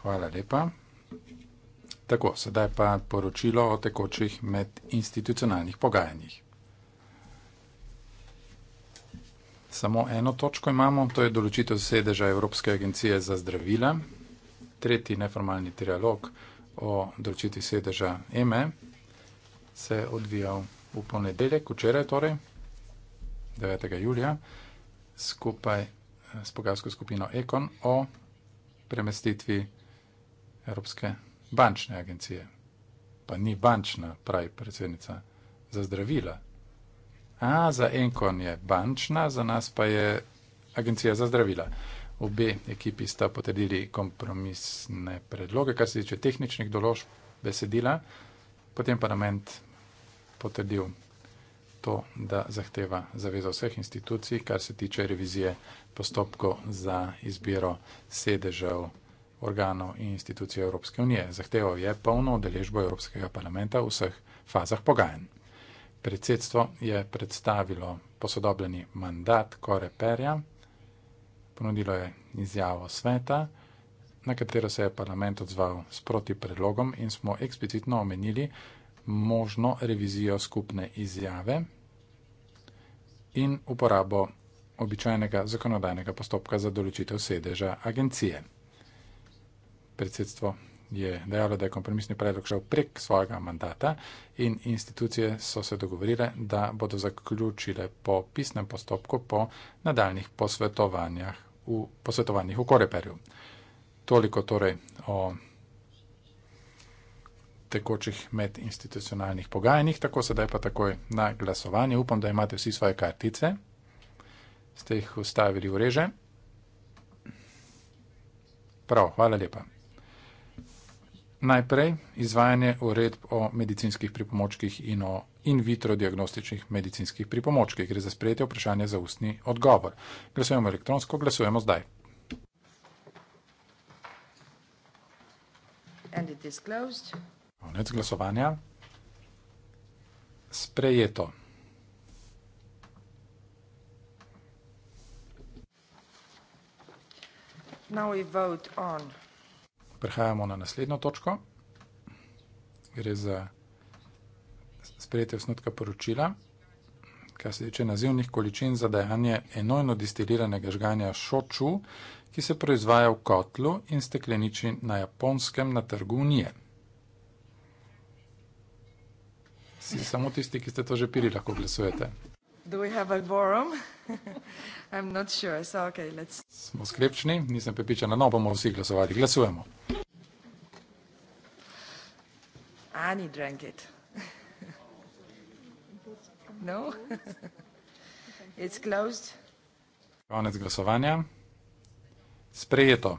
Hvala lepa. Tako, sedaj pa poročilo o tekočih medinstitucionalnih pogajanjih. Samo eno točko imamo, to je določitev sedeža Evropske agencije za zdravila, tretji neformalni trialog o določitvi sedeža EME e se je odvijal v ponedeljek, včeraj torej, 9. julija, skupaj s pogajalsko skupino Ekon o premestitvi Evropske bančne agencije. Pa ni bančna, pravi predsednica, za zdravila. A, za Enkon je bančna, za nas pa je agencija za zdravila. Obe ekipi sta potrdili kompromisne predloge, kar se tiče tehničnih določb besedila, potem parlament potrdil to, da zahteva zavezo vseh institucij, kar se tiče revizije postopkov za izbiro sedežev organov in institucij Evropske unije. Zahteval je polno udeležbo Evropskega parlamenta v vseh fazah pogajanj. Predsedstvo je predstavilo posodobljeni mandat Kore Perja, ponudilo je izjavo sveta, na katero se je parlament odzval s proti predlogom in smo eksplicitno omenili možno revizijo skupne izjave, in uporabo običajnega zakonodajnega postopka za določitev sedeža agencije. Predsedstvo je dejalo, da je kompromisni predlog šel prek svojega mandata in institucije so se dogovorile, da bodo zaključile po pisnem postopku po nadaljnih posvetovanjih v, v Koreperju. Toliko torej o tekočih medinstitucionalnih pogajanjih, tako sedaj pa takoj na glasovanje. Upam, da imate vsi svoje kartice. Ste jih ustavili v reže? Prav, hvala lepa. Najprej izvajanje uredb o medicinskih pripomočkih in o in vitro diagnostičnih medicinskih pripomočkih. Gre za sprejetje vprašanje za ustni odgovor. Glasujemo elektronsko, glasujemo zdaj. And it is closed. Konec glasovanja. Sprejeto. Now we vote on. Prehajamo na naslednjo točko. Gre za sprejete osnutka poročila, kar se tiče nazivnih količin za dajanje enojno distiliranega žganja šoču, ki se proizvaja v kotlu in stekleniči na japonskem na trgu Unije. si samo tisti, ki ste to že pili, lahko glasujete. sure, so okay, Smo sklepčni, nisem pripričana, no bomo vsi glasovali. Glasujemo. Ani drank it. no? It's closed. Konec glasovanja. Sprejeto.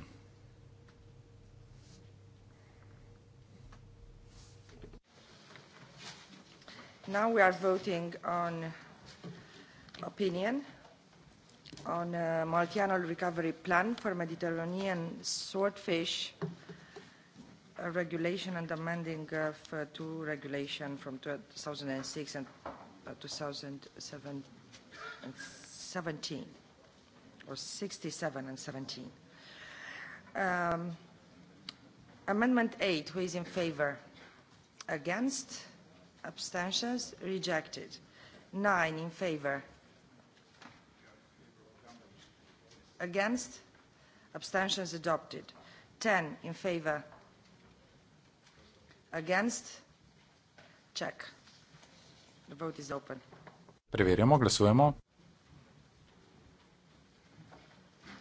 Now we are voting on opinion on a uh, multi-annual recovery plan for Mediterranean swordfish a uh, regulation and amending of uh, two regulation from 2006 and uh, 2017 or 67 and 17. Um, amendment 8, who is in favor? Against? abstentions rejected. Nine in favor. Against? Abstentions adopted. Ten in favor. Against? Check. The vote is open. Preverjamo, glasujemo.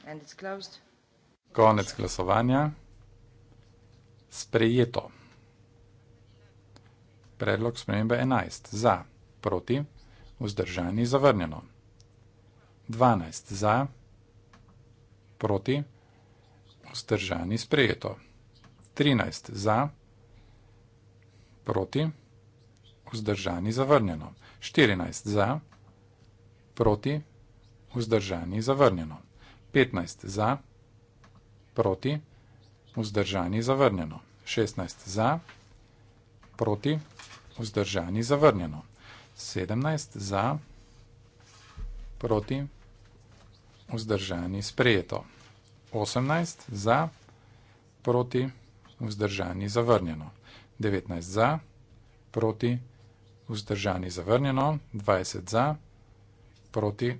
And it's closed. Konec glasovanja. Sprejeto. Predlog spremembe 11. Za, proti, vzdržani, zavrnjeno. 12. Za, proti, vzdržani, sprejeto. 13. Za, proti, vzdržani, zavrnjeno. 14. Za, proti, vzdržani, zavrnjeno. 15. Za, proti, vzdržani, zavrnjeno. 16. Za, proti, vzdržani, zavrnjeno proti, vzdržani, zavrnjeno. 17 za, proti, vzdržani, sprejeto. 18 za, proti, vzdržani, zavrnjeno. 19 za, proti, vzdržani, zavrnjeno. 20 za, proti,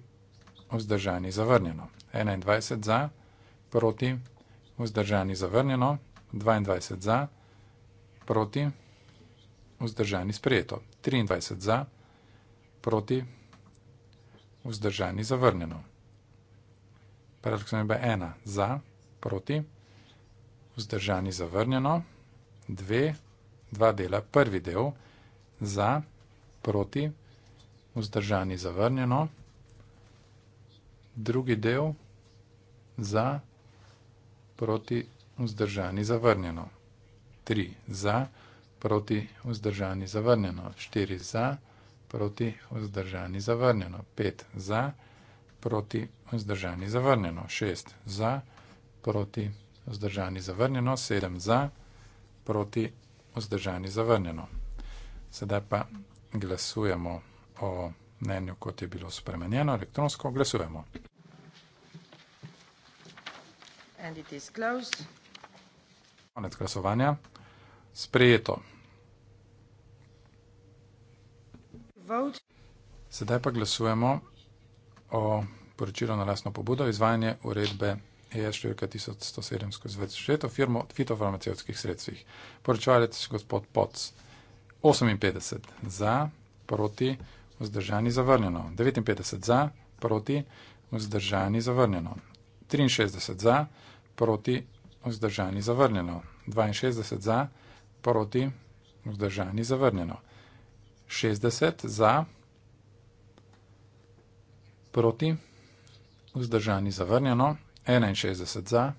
vzdržani, zavrnjeno. 21 za, proti, vzdržani, zavrnjeno. 22 za, proti, vzdržani, zavrnjeno vzdržani sprejeto, 23 za, proti, vzdržani zavrnjeno. Predlog sprememba 1 za, proti, vzdržani zavrnjeno, 2, 2 dela, prvi del, za, proti, vzdržani zavrnjeno, drugi del, za, proti, vzdržani zavrnjeno, 3 za, proti, proti vzdržani zavrnjeno, 4 za, proti vzdržani zavrnjeno, 5 za, proti vzdržani zavrnjeno, 6 za, proti vzdržani zavrnjeno, 7 za, proti vzdržani zavrnjeno. Sedaj pa glasujemo o mnenju, kot je bilo spremenjeno, elektronsko glasujemo. Konec glasovanja. Sprejeto. vote. Sedaj pa glasujemo o poročilu na lasno pobudo izvajanje uredbe EJ 4107-26 o firmo fitofarmacevskih sredstvih. Poročevalec gospod Poc. 58 za, proti, vzdržani zavrnjeno. 59 za, proti, vzdržani zavrnjeno. 63 za, proti, vzdržani zavrnjeno. 62 za, proti, vzdržani zavrnjeno. 60 za, proti, vzdržani zavrnjeno, 61 za,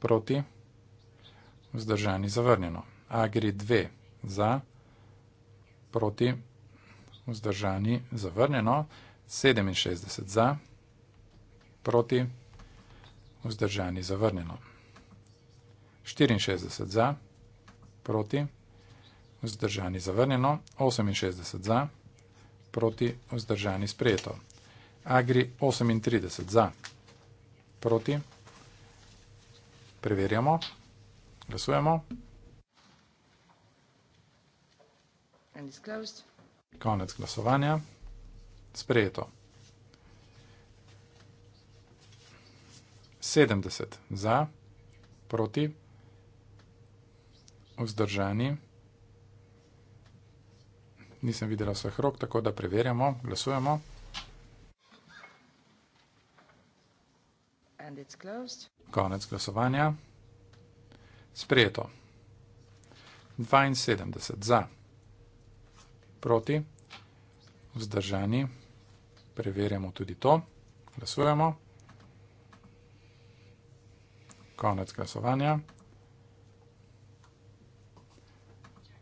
proti, vzdržani zavrnjeno. Agri 2 za, proti, vzdržani zavrnjeno, 67 za, proti, vzdržani zavrnjeno. 64 za, proti, vzdržani zavrnjeno proti, vzdržani zavrnjeno, 68 za, proti, vzdržani sprejeto. Agri 38 za, proti, preverjamo, glasujemo. Konec glasovanja, sprejeto. 70 za, proti, preverjamo vzdržani. Nisem videla svojih rok, tako da preverjamo, glasujemo. Konec glasovanja. Sprejeto. 72 za. Proti. Vzdržani. Preverjamo tudi to. Glasujemo. Konec glasovanja.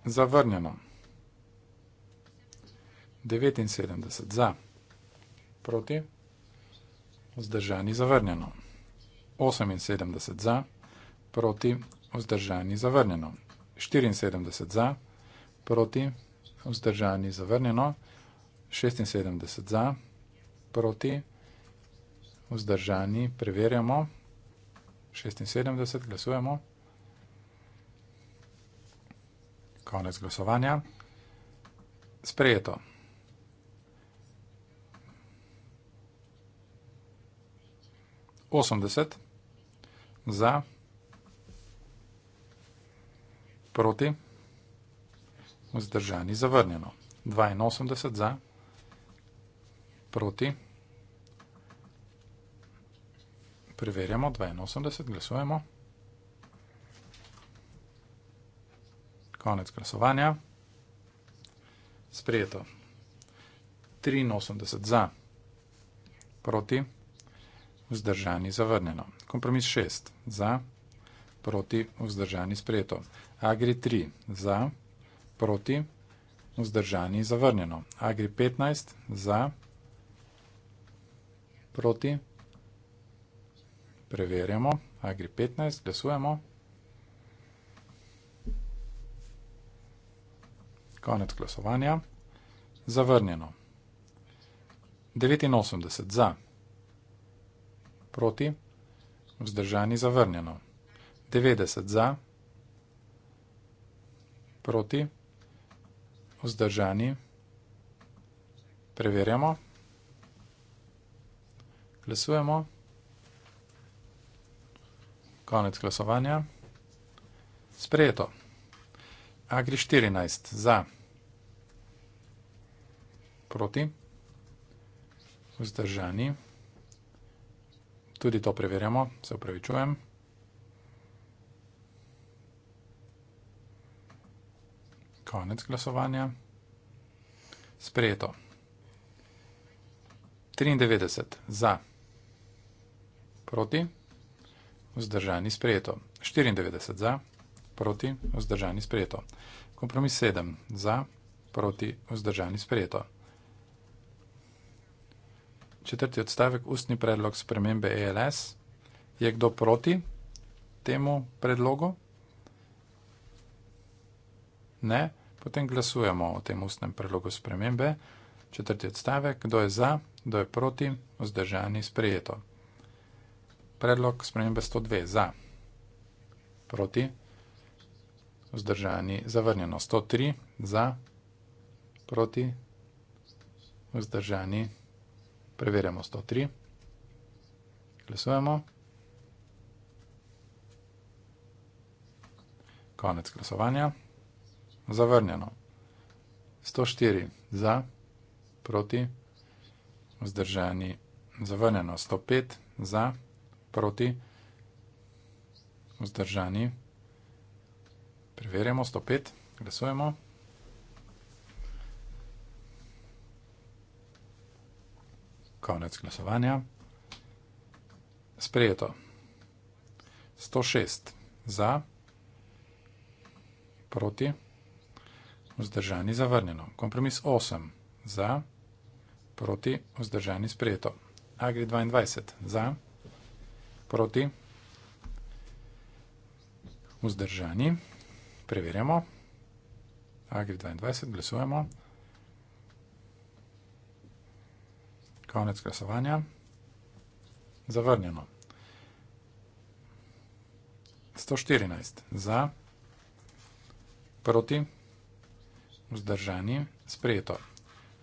Zavrnjeno. 79 za. Proti. Vzdržani zavrnjeno. 78 za. Proti. Vzdržani zavrnjeno. 74 za. Proti. Vzdržani zavrnjeno. 76 za. Proti. Vzdržani preverjamo. 76 glasujemo. 76. Konec glasovanja. Sprejeto. Osemdeset za, proti, vzdržani, zavrnjeno. Dvainosemdeset za, proti, preverjamo, dvainosemdeset, glasujemo. Dvainosemdeset. Konec glasovanja. Sprejeto. 83 za, proti, vzdržani zavrnjeno. Kompromis 6 za, proti, vzdržani sprejeto. Agri 3 za, proti, vzdržani zavrnjeno. Agri 15 za, proti, preverjamo. Agri 15, glasujemo. Konec glasovanja. Zavrnjeno. 89 za. Proti. Vzdržani zavrnjeno. 90 za. Proti. Vzdržani. Preverjamo. Glasujemo. Konec glasovanja. Sprejeto. Agri 14 za proti, vzdržani. Tudi to preverjamo, se upravičujem. Konec glasovanja. Sprejeto. 93 za, proti, vzdržani, sprejeto. 94 za, proti, vzdržani, sprejeto. Kompromis 7 za, proti, vzdržani, sprejeto četrti odstavek, ustni predlog spremembe ELS. Je kdo proti temu predlogu? Ne. Potem glasujemo o tem ustnem predlogu spremembe. Četrti odstavek, kdo je za, kdo je proti, vzdržani, sprejeto. Predlog spremembe 102, za, proti, vzdržani, zavrnjeno. 103, za, proti, vzdržani, zavrnjeno. Preverjamo 103. Glasujemo. Konec glasovanja. Zavrnjeno. 104 za, proti, vzdržani. Zavrnjeno. 105 za, proti, vzdržani. Preverjamo 105. Glasujemo. Konec glasovanja. Sprejeto. 106 za, proti, vzdržani zavrnjeno. Kompromis 8 za, proti, vzdržani sprejeto. Agri 22 za, proti, vzdržani. Preverjamo. Agri 22, glasujemo. konec glasovanja. Zavrnjeno. 114 za, proti, vzdržani, sprejeto.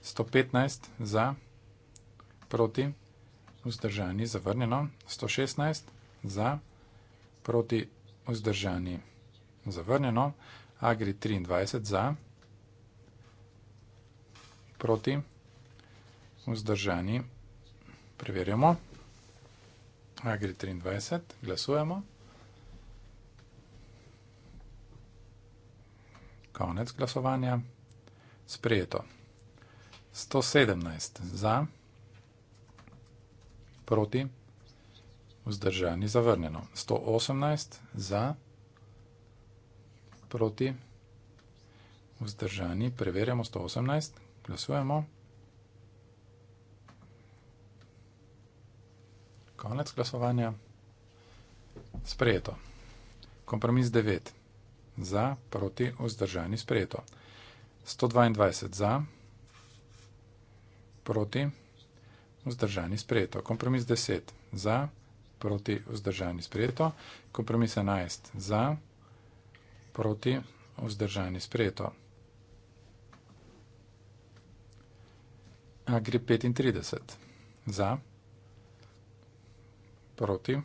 115 za, proti, vzdržani, zavrnjeno. 116 za, proti, vzdržani, zavrnjeno. Agri 23 za, proti, vzdržani vzdržani. Preverjamo. Agri 23, glasujemo. Konec glasovanja. Sprejeto. 117 za, proti, vzdržani, zavrnjeno. 118 za, proti, vzdržani, preverjamo 118, glasujemo. 118. Konec glasovanja. Sprejeto. Kompromis 9. Za, proti, vzdržani, sprejeto. 122 za, proti, vzdržani, sprejeto. Kompromis 10 za, proti, vzdržani, sprejeto. Kompromis 11 za, proti, vzdržani, sprejeto. Agri 35 za, proti, vzdržani, sprejeto proti,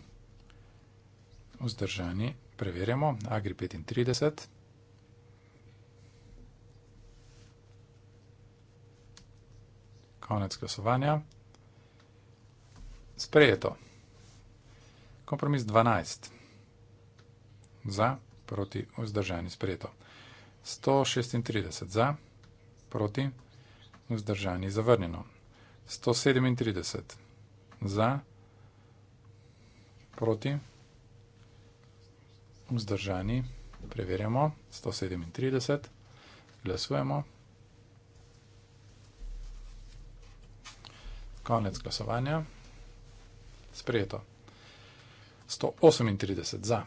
vzdržani, preverjamo, agri 35. Konec glasovanja. Sprejeto. Kompromis 12. Za, proti, vzdržani, sprejeto. 136 za, proti, vzdržani, zavrnjeno. 137 za, proti, vzdržani, zavrnjeno proti, vzdržani, preverjamo, 137, glasujemo. Konec glasovanja, sprejeto. 138 za,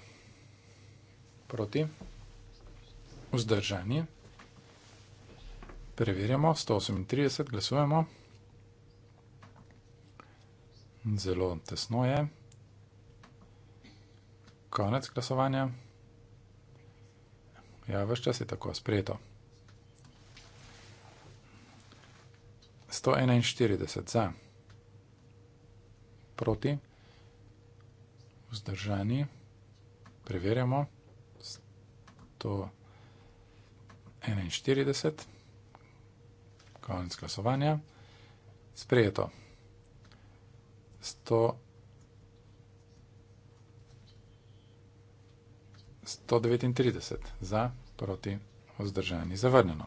proti, vzdržani, preverjamo, 138, glasujemo. Zelo tesno je. Konec glasovanja. Ja, vse čas je tako sprejeto. 141 za, proti, vzdržani, preverjamo. 141, konec glasovanja, sprejeto. 141. 139 za, proti, vzdržani, zavrnjeno.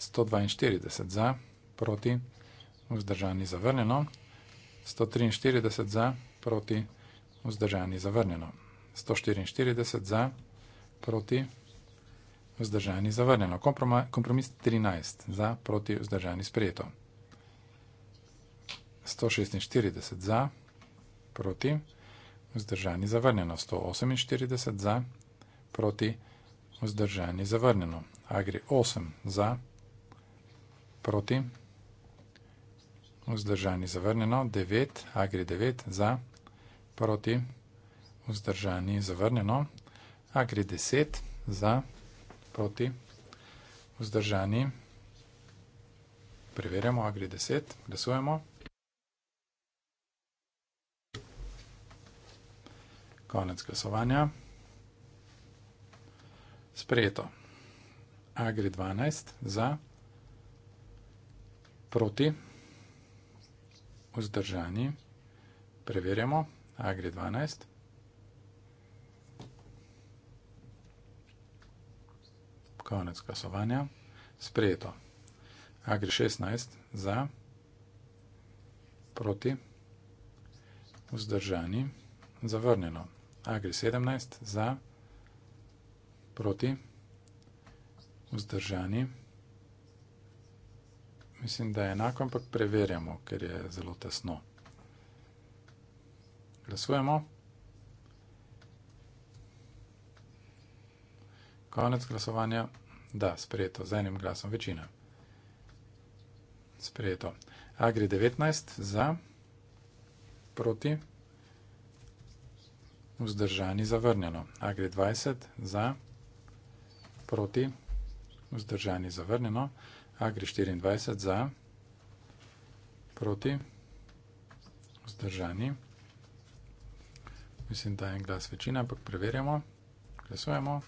142 za, proti, vzdržani, zavrnjeno. 143 za, proti, vzdržani, zavrnjeno. 144 za, proti, vzdržani, zavrnjeno. Kompromis 13 za, proti, vzdržani, sprejeto. 146 za, proti, vzdržani, zavrnjeno. 148 za, proti vzdržanje zavrnjeno. Agri 8 za proti vzdržanje zavrnjeno. 9 agri 9 za proti vzdržanje zavrnjeno. Agri 10 za proti vzdržanje. Preverjamo agri 10. Glasujemo. Konec glasovanja. Sprejeto. Agri 12 za, proti, vzdržani, preverjamo, Agri 12. Konec kasovanja. Sprejeto. Agri 16 za, proti, vzdržani, zavrnjeno. Agri 17 za, proti, vzdržani proti, vzdržani. Mislim, da je enako, ampak preverjamo, ker je zelo tesno. Glasujemo. Konec glasovanja. Da, sprejeto. Z enim glasom večina. Sprejeto. Agri 19 za, proti, vzdržani zavrnjeno. Agri 20 za, proti proti, vzdržani zavrnjeno, agri 24 za, proti, vzdržani, mislim, da je en glas večina, ampak preverjamo, glasujemo,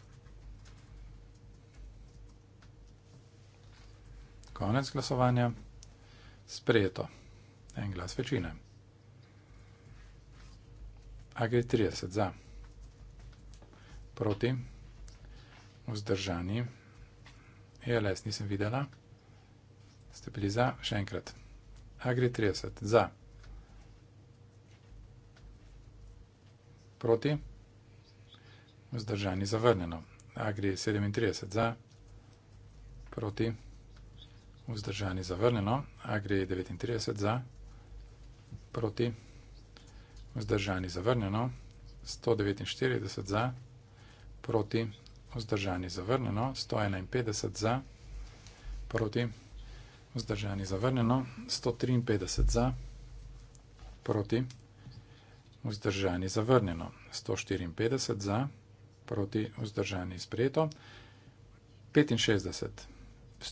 konec glasovanja, sprejeto, en glas večine, agri 30 za, proti, vzdržani zavrnjeno, vzdržani. ELS nisem videla. Ste bili za? Še enkrat. Agri 30. Za. Proti. Vzdržani zavrnjeno. Agri 37. Za. Proti. Vzdržani zavrnjeno. Agri 39. Za. Proti. Vzdržani zavrnjeno. 149. Za. Proti. Proti vzdržani zavrnjeno, 151 za, proti, vzdržani zavrnjeno, 153 za, proti, vzdržani zavrnjeno, 154 za, proti, vzdržani sprejeto, 65,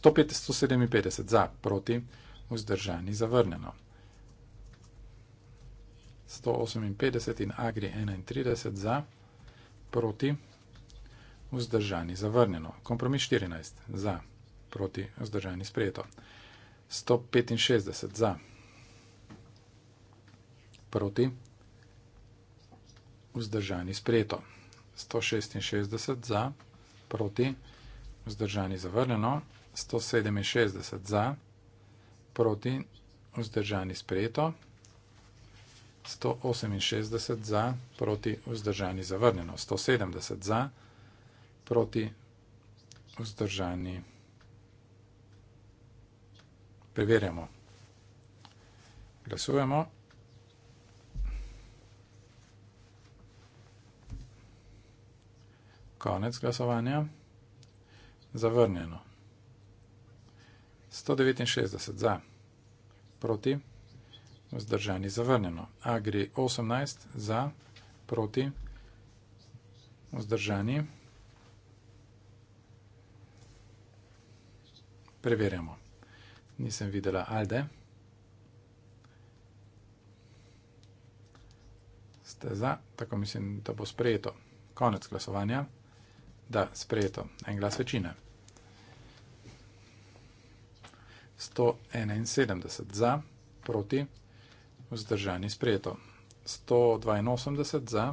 157 za, proti, vzdržani zavrnjeno, 158 in agri 31 za, proti, vzdržani zavrnjeno, vzdržani zavrnjeno. Kompromis 14 za, proti vzdržani sprejeto. 165 za, proti vzdržani sprejeto. 166 za, proti vzdržani zavrnjeno. 167 za, proti vzdržani sprejeto. 168 za, proti vzdržani zavrnjeno. 170 za, proti vzdržani sprejeto proti vzdržani. Preverjamo. Glasujemo. Konec glasovanja. Zavrnjeno. 169 za, proti, vzdržani zavrnjeno. Agri 18 za, proti, vzdržani zavrnjeno. Preverjamo. Nisem videla Alde. Ste za? Tako mislim, da bo sprejeto. Konec glasovanja. Da, sprejeto. En glas večine. 171 za, proti, vzdržani sprejeto. 182 za,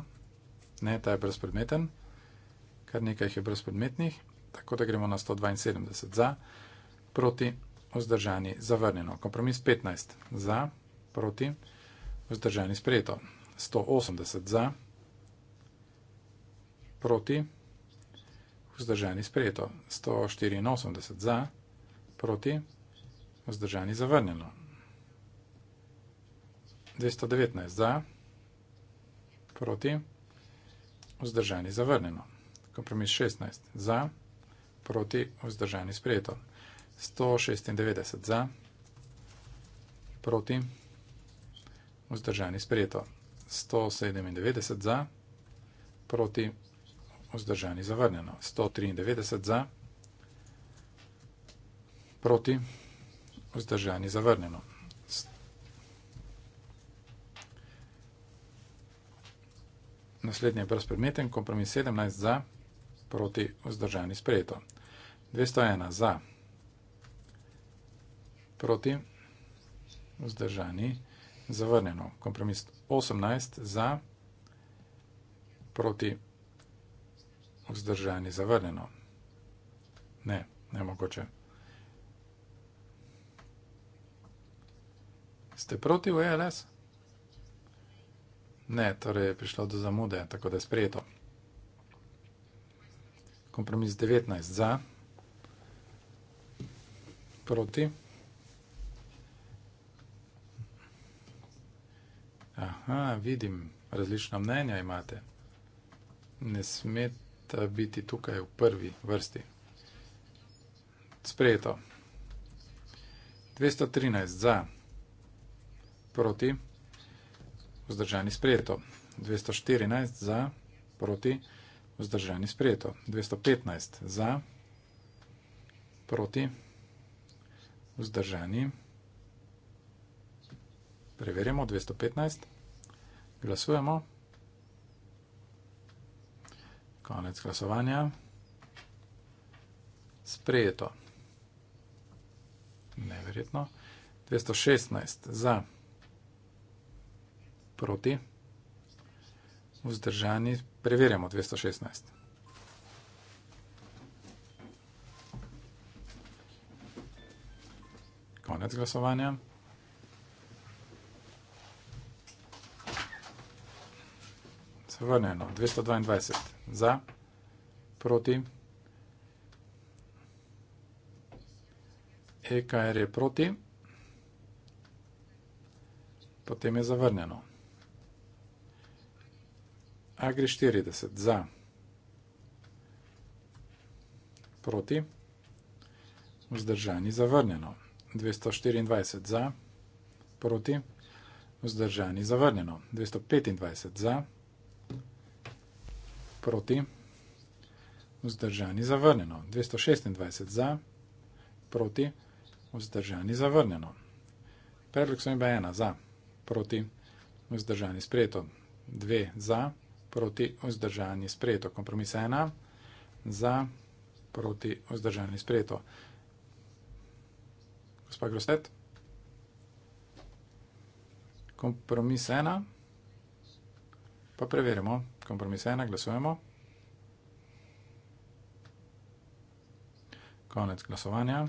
ne, ta je brezpredmeten, kar nekaj jih je brezpredmetnih, tako da gremo na 172 za, proti, vzdržani, zavrnjeno. Kompromis 15 za, proti, vzdržani, sprejeto. 180 za, proti, vzdržani, sprejeto. 184 za, proti, vzdržani, zavrnjeno. 219 za, proti, vzdržani, zavrnjeno. Kompromis 16 za, proti, vzdržani, sprejeto. 196 za, proti, vzdržani sprejeto. 197 za, proti, vzdržani zavrnjeno. 193 za, proti, vzdržani zavrnjeno. 100. Naslednje brezpredmeten, kompromis 17 za, proti, vzdržani sprejeto. 201 za, proti, proti, vzdržani, zavrnjeno. Kompromis 18 za, proti, vzdržani, zavrnjeno. Ne, ne mogoče. Ste proti v ELS? Ne, torej je prišlo do zamude, tako da je sprejeto. Kompromis 19 za, proti, vzdržani, zavrnjeno. Aha, vidim, različna mnenja imate. Ne smete biti tukaj v prvi vrsti. Sprejeto. 213 za, proti, vzdržani sprejeto. 214 za, proti, vzdržani sprejeto. 215 za, proti, vzdržani sprejeto. Preverimo 215. Glasujemo. Konec glasovanja. Sprejeto. Neverjetno. 216 za. Proti. Vzdržani. Preverjamo 216. Konec glasovanja. vrnjeno. 222 za, proti. EKR er je proti. Potem je zavrnjeno. Agri 40 za, proti. Vzdržani zavrnjeno. 224 za, proti. Vzdržani zavrnjeno. 225 za, proti proti, vzdržani zavrnjeno. 226 za, proti, vzdržani zavrnjeno. Predlog so imba ena za, proti, vzdržani sprejeto. Dve za, proti, vzdržani sprejeto. Kompromisa ena za, proti, vzdržani sprejeto. Gospod Grostet. Kompromis ena za, proti, vzdržani sprejeto. Pa preverimo, kompromis ena, glasujemo. Konec glasovanja.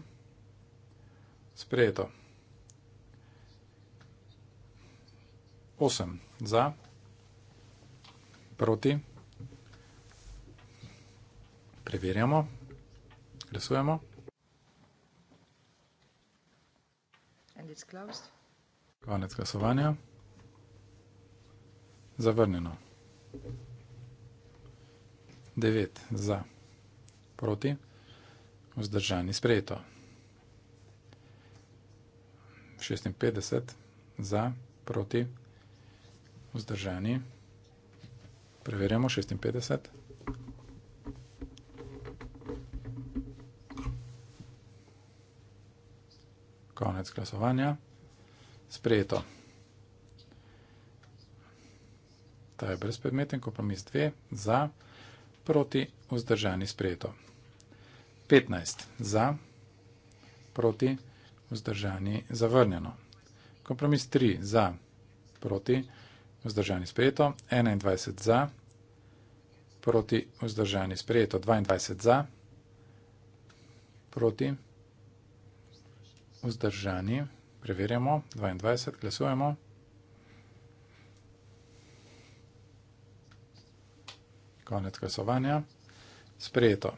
Sprejeto. 8 za, proti. Preverjamo, glasujemo. Konec glasovanja zavrnjeno. 9 za, proti, vzdržani, sprejeto. 56 za, proti, vzdržani, preverjamo 56. Konec glasovanja, sprejeto. ta je brezpredmeten, kompromis 2, za, proti, vzdržani, sprejeto. 15, za, proti, vzdržani, zavrnjeno. Kompromis 3, za, proti, vzdržani, sprejeto. 21, za, proti, vzdržani, sprejeto. 22, za, proti, vzdržani, preverjamo. 22, glasujemo. 22, glasujemo. Konec glasovanja. Sprejeto.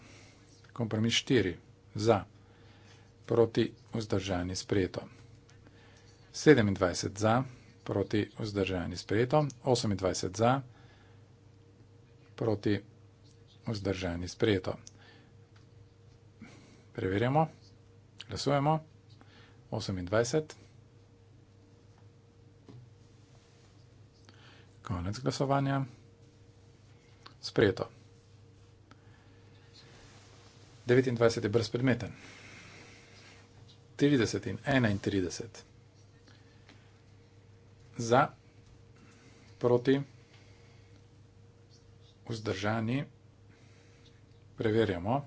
Kompromis 4. Za. Proti vzdržani sprejeto. 27 za. Proti vzdržani sprejeto. 28 za. Proti vzdržani sprejeto. Preverjamo. Glasujemo. 28. Konec glasovanja sprejeto. 29 je brezpredmeten. 30 in 31. Za, proti, vzdržani, preverjamo.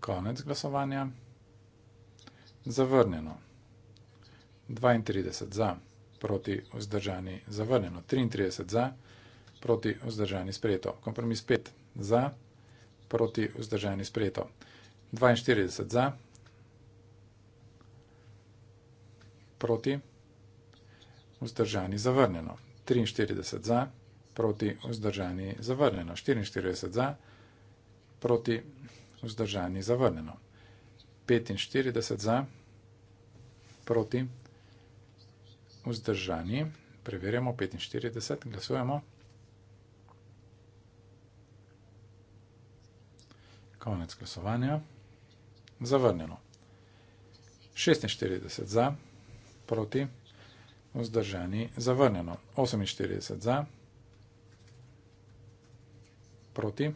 Konec glasovanja. Zavrnjeno. 32 za, proti vzdržani zavrnjeno, 33 za, proti vzdržani sprejeto, kompromis 5 za, proti vzdržani sprejeto, 42 za, proti vzdržani zavrnjeno, 43 za, proti vzdržani zavrnjeno, 44 za, proti vzdržani zavrnjeno, 45 za, proti vzdržani zavrnjeno, vzdržani, preverjamo 45, glasujemo. Konec glasovanja. Zavrnjeno. 46 za, proti, vzdržani, zavrnjeno. 48 za, proti.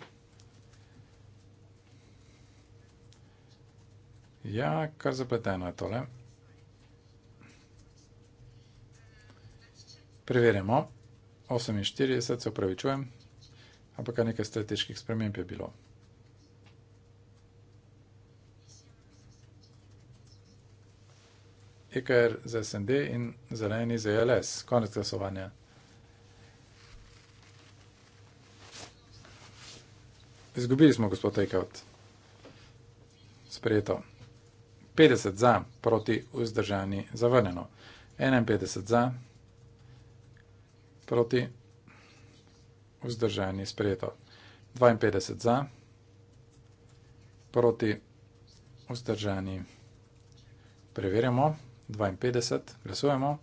Ja, kar zapleteno je tole. Preverjamo. 48 se upravičujem, ampak nekaj strateških sprememb je bilo. EKR za SND in zeleni za e LS. Konec glasovanja. Izgubili smo gospod Takeout. Sprejeto. 50 za, proti vzdržani zavrnjeno. 51 za, proti vzdržani zavrnjeno proti, vzdržani, sprejeto. 52 za, proti, vzdržani, preverjamo, 52, glasujemo.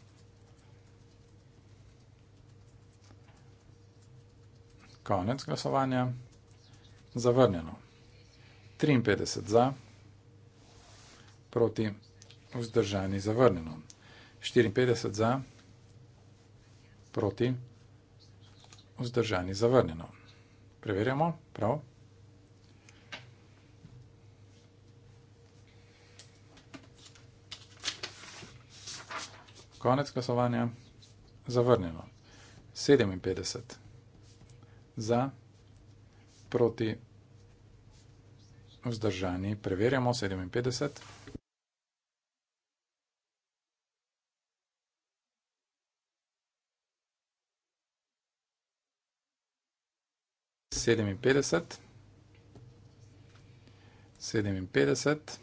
Konec glasovanja, zavrnjeno. 53 za, proti, vzdržani, zavrnjeno. 54 za, proti, vzdržani, zavrnjeno proti, vzdržani zavrnjeno. Preverjamo, prav. Konec glasovanja, zavrnjeno. 57 za, proti, vzdržani, preverjamo, 57 za, 57, 57.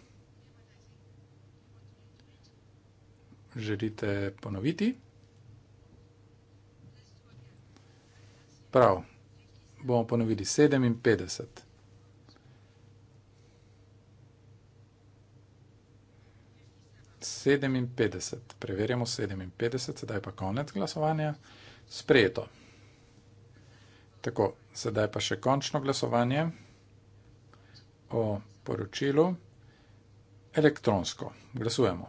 Želite ponoviti? Prav, bomo ponovili 57. Sedeminpetdeset, preverjamo sedeminpetdeset, sedaj pa konec glasovanja. Sprejeto. Tako, sedaj pa še končno glasovanje o poročilu elektronsko. Glasujemo.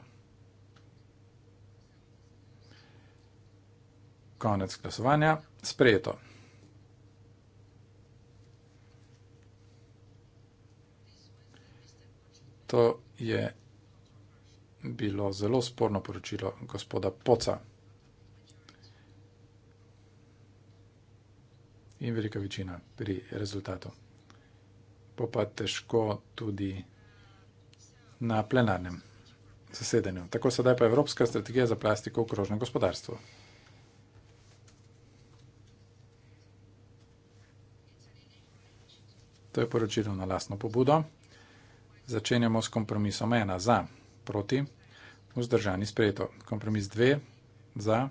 Konec glasovanja. Sprejeto. To je bilo zelo sporno poročilo gospoda Poca. in velika večina pri rezultatu. Pa pa težko tudi na plenarnem zasedanju. Tako sedaj pa Evropska strategija za plastiko v krožnem gospodarstvu. To je poročilo na lastno pobudo. Začenjamo s kompromisom 1 za, proti, vzdržani sprejeto. Kompromis 2 za,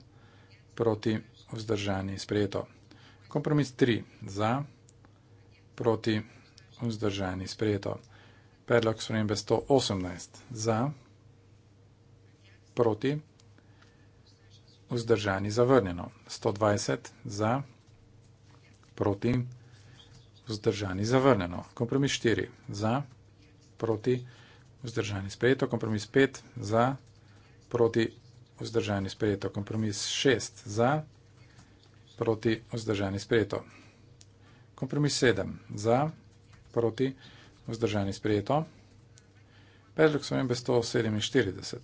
proti, vzdržani sprejeto. Kompromis 3. Za, proti, vzdržani. Sprejeto. Predlog spremembe 118. Za, proti, vzdržani. Zavrnjeno. 120. Za, proti, vzdržani. Zavrnjeno. Kompromis 4. Za, proti, vzdržani. Sprejeto. Kompromis 5. Za, proti, vzdržani. Sprejeto. Kompromis 6. Za, proti, vzdržani proti, vzdržani sprejeto. Kompromis 7. Za, proti, vzdržani sprejeto. Predlog svojem besto 47.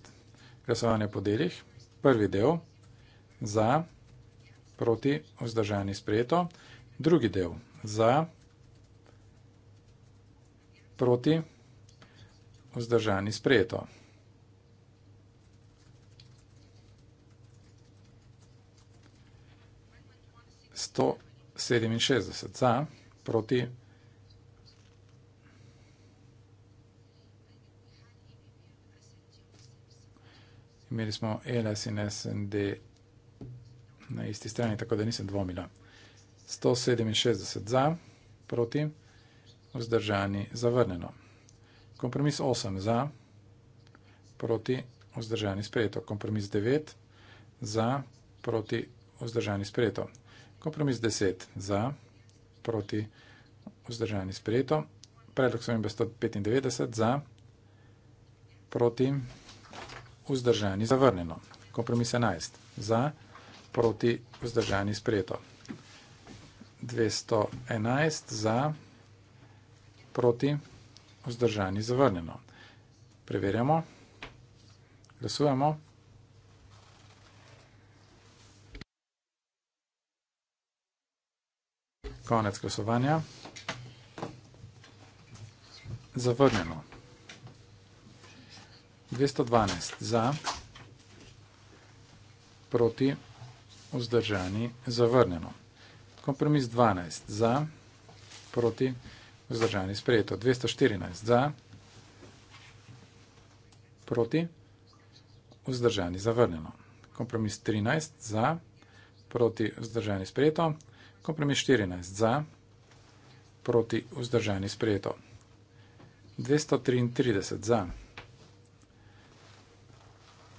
Glasovanje po delih. Prvi del. Za, proti, vzdržani sprejeto. Drugi del. Za, proti, vzdržani sprejeto. 167 za proti 5. Imeli smo LS in SND na isti strani, tako da nisem dvomila. 167 za proti vzdržani zavrnjeno. Kompromis 8 za proti vzdržani sprejeto. Kompromis 9 za proti vzdržani sprejeto. Kompromis 10 za, proti vzdržanje sprejeto. Predlog so imbe 195 za, proti vzdržanje zavrneno. Kompromis 11 za, proti vzdržanje sprejeto. 211 za, proti vzdržanje zavrneno. Preverjamo, glasujemo. 211 za, proti vzdržanje zavrneno. konec glasovanja. Zavrnjeno. 212 za, proti, vzdržani, zavrnjeno. Kompromis 12 za, proti, vzdržani, sprejeto. 214 za, proti, vzdržani, zavrnjeno. Kompromis 13 za, proti, vzdržani, sprejeto kompromis 14 za, proti vzdržani sprejeto. 233 za,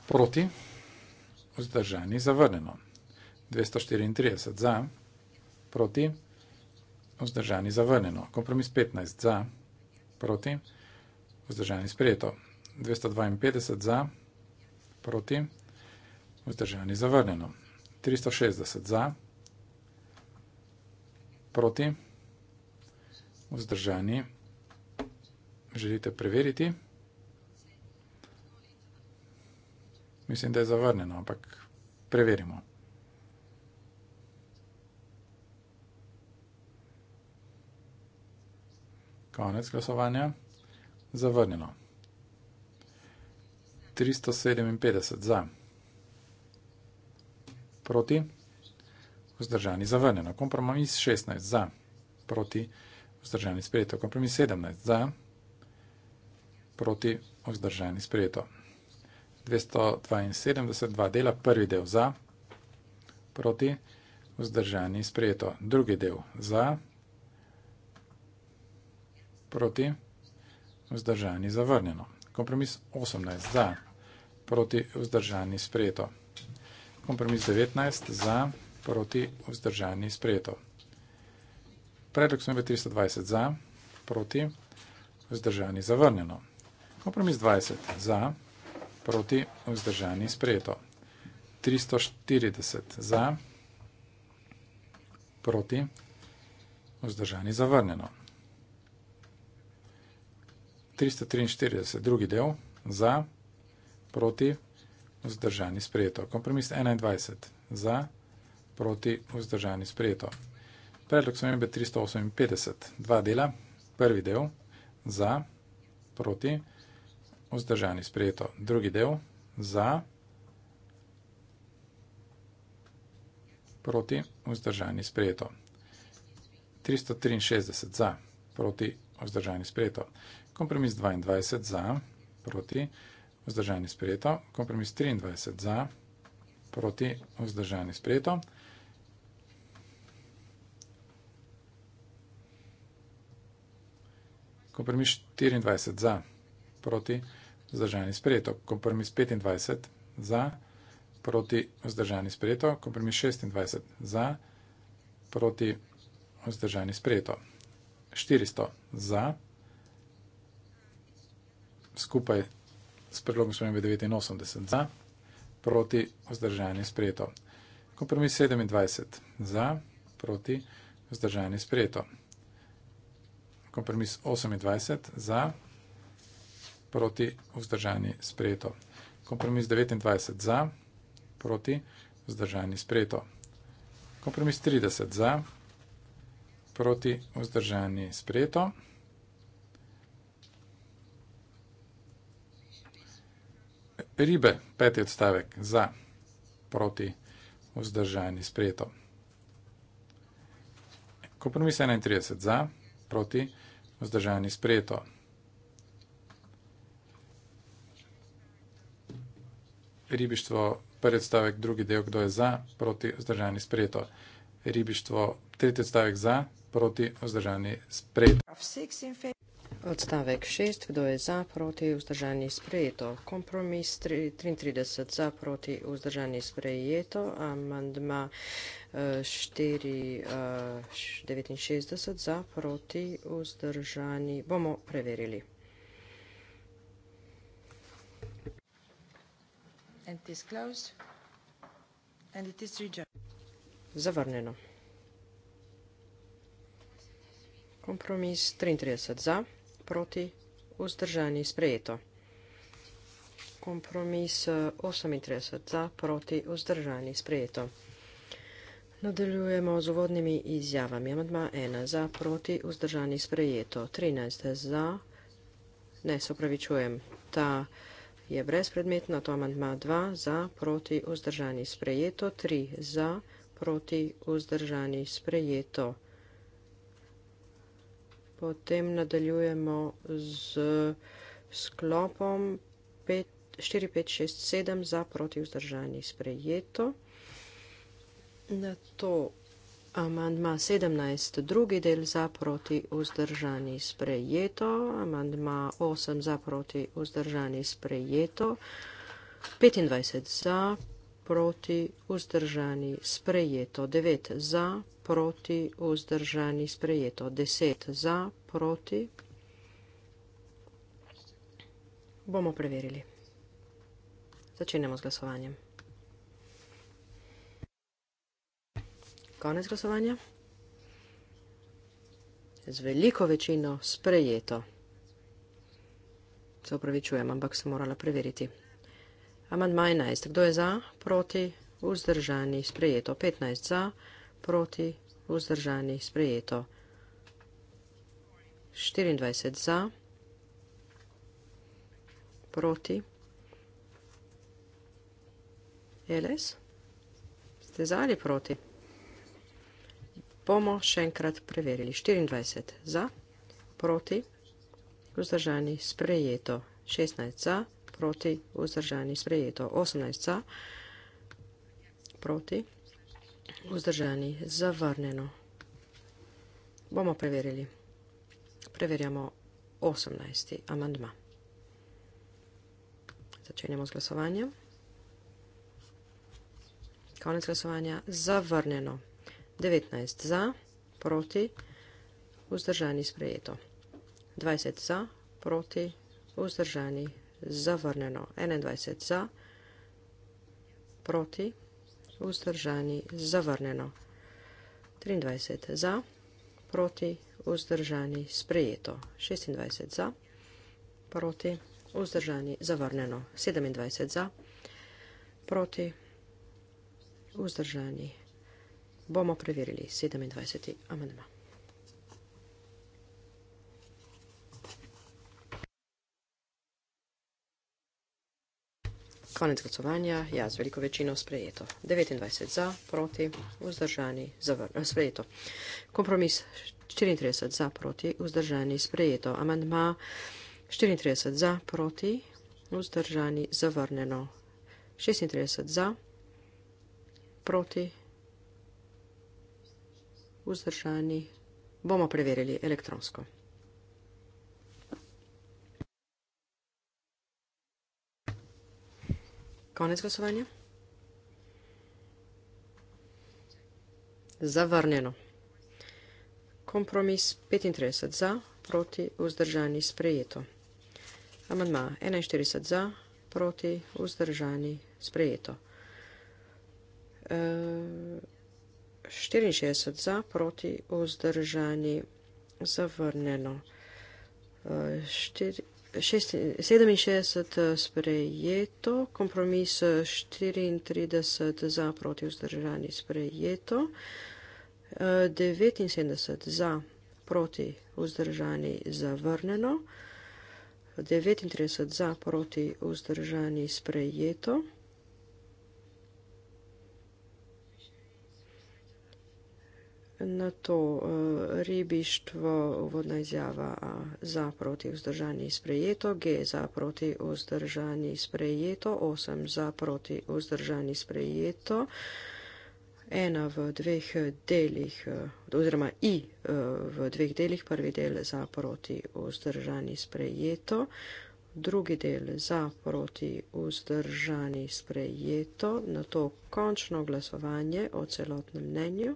proti vzdržani zavrneno. 234 za, proti vzdržani zavrneno. Kompromis 15 za, proti vzdržani sprejeto. 252 za, proti vzdržani zavrneno. 360 za, proti vzdržani zavrneno proti, vzdržani, želite preveriti. Mislim, da je zavrnjeno, ampak preverimo. Konec glasovanja. Zavrnjeno. 357 za. Proti vzdržani zavrnjeno. Kompromis 16 za, proti vzdržani sprejeto. Kompromis 17 za, proti vzdržani sprejeto. 272 dva dela, prvi del za, proti vzdržani sprejeto. Drugi del za, proti vzdržani zavrnjeno. Kompromis 18 za, proti vzdržani sprejeto. Kompromis 19 za, proti vzdržani sprejeto proti vzdržani sprejeto. Predlog smo v 320 za, proti vzdržani zavrnjeno. Kompromis 20 za, proti vzdržani sprejeto. 340 za, proti vzdržani zavrnjeno. 343 drugi del za, proti vzdržani sprejeto. Kompromis 21 za, proti vzdržani sprejeto proti vzdržani sprejeto. Predlog sem imel 358, dva dela, prvi del za, proti, vzdržani sprejeto, drugi del za, proti, vzdržani sprejeto, 363 za, proti, vzdržani sprejeto, kompromis 22 za, proti, vzdržani sprejeto, kompromis 23 za, proti, proti vzdržani spreto. Kompromis 24 za proti vzdržani spreto. Kompromis 25 za proti vzdržani spreto. Kompromis 26 za proti vzdržani spreto. 400 za skupaj s predlogom spremembe 89 za proti vzdržanje sprejeto. Kompromis 27 za proti vzdržanje sprejeto. Kompromis 28 za proti vzdržanje sprejeto. Kompromis 29 za proti vzdržanje sprejeto. Kompromis 30 za proti vzdržanje sprejeto. Ribe, peti odstavek, za, proti, vzdržani, sprejeto. Kompromis 31, za, proti, vzdržani, sprejeto. Ribištvo, prvi odstavek, drugi del, kdo je za, proti, vzdržani, sprejeto. Ribištvo, tretji odstavek, za, proti, vzdržani, sprejeto. Odstavek 6. Kdo je za, proti, vzdržani, sprejeto? Kompromis 33. Za, proti, vzdržani, sprejeto. Amandma 469. Eh, eh, za, proti, vzdržani, bomo preverili. Zavrneno. Kompromis 33. Za, proti, vzdržani, sprejeto proti vzdržani sprejeto. Kompromis 38 eh, za proti vzdržani sprejeto. Nadaljujemo z uvodnimi izjavami. Amadma 1 za proti vzdržani sprejeto. 13 za. Ne, se opravičujem. Ta je brezpredmetna. To amadma 2 za proti vzdržani sprejeto. 3 za proti vzdržani sprejeto. Potem nadaljujemo z sklopom 4567 za proti vzdržani sprejeto. Na to amandma 17, drugi del za proti vzdržani sprejeto, amandma 8 za proti vzdržani sprejeto, 25 za proti vzdržani sprejeto, 9 za proti, vzdržani, sprejeto. Deset za, proti. Bomo preverili. Začenemo z glasovanjem. Konec glasovanja. Z veliko večino sprejeto. Se upravičujem, ampak sem morala preveriti. Amandma 11. Kdo je za? Proti. Vzdržani. Sprejeto. 15 za proti, vzdržani, sprejeto. 24 za, proti, LS, ste za ali proti? Bomo še enkrat preverili. 24 za, proti, vzdržani, sprejeto. 16 za, proti, vzdržani, sprejeto. 18 za, proti, vzdržani, sprejeto vzdržani, zavrnjeno. Bomo preverili. Preverjamo 18. amandma. Začenjamo z glasovanjem. Konec glasovanja, zavrnjeno. 19 za, proti, vzdržani, sprejeto. 20 za, proti, vzdržani, zavrnjeno. 21 za, proti, vzdržani vzdržani, zavrnjeno. 23 za, proti, vzdržani, sprejeto. 26 za, proti, vzdržani, zavrnjeno. 27 za, proti, vzdržani, bomo preverili 27. amandma. konec glasovanja, ja, z veliko večino sprejeto. 29 za, proti, vzdržani, zavrnjeno, eh, sprejeto. Kompromis 34 za, proti, vzdržani, sprejeto. Amandma 34 za, proti, vzdržani, zavrnjeno. 36 za, proti, vzdržani, bomo preverili elektronsko. Konec glasovanja. Zavrnjeno. Kompromis 35 za, proti vzdržani sprejeto. Amandma 41 za, proti vzdržani sprejeto. E, 64 za, proti vzdržani zavrnjeno. E, 4, 67 eh, sprejeto, kompromis 34 eh, za proti vzdržani sprejeto, 79 eh, za proti vzdržani zavrneno, 39 za proti vzdržani sprejeto. na to eh, ribištvo, uvodna izjava za proti vzdržani sprejeto, G za proti vzdržani sprejeto, 8 za proti vzdržani sprejeto, ena v dveh delih, eh, oziroma I eh, v dveh delih, prvi del za proti vzdržani sprejeto, drugi del za proti vzdržani sprejeto, na to končno glasovanje o celotnem mnenju.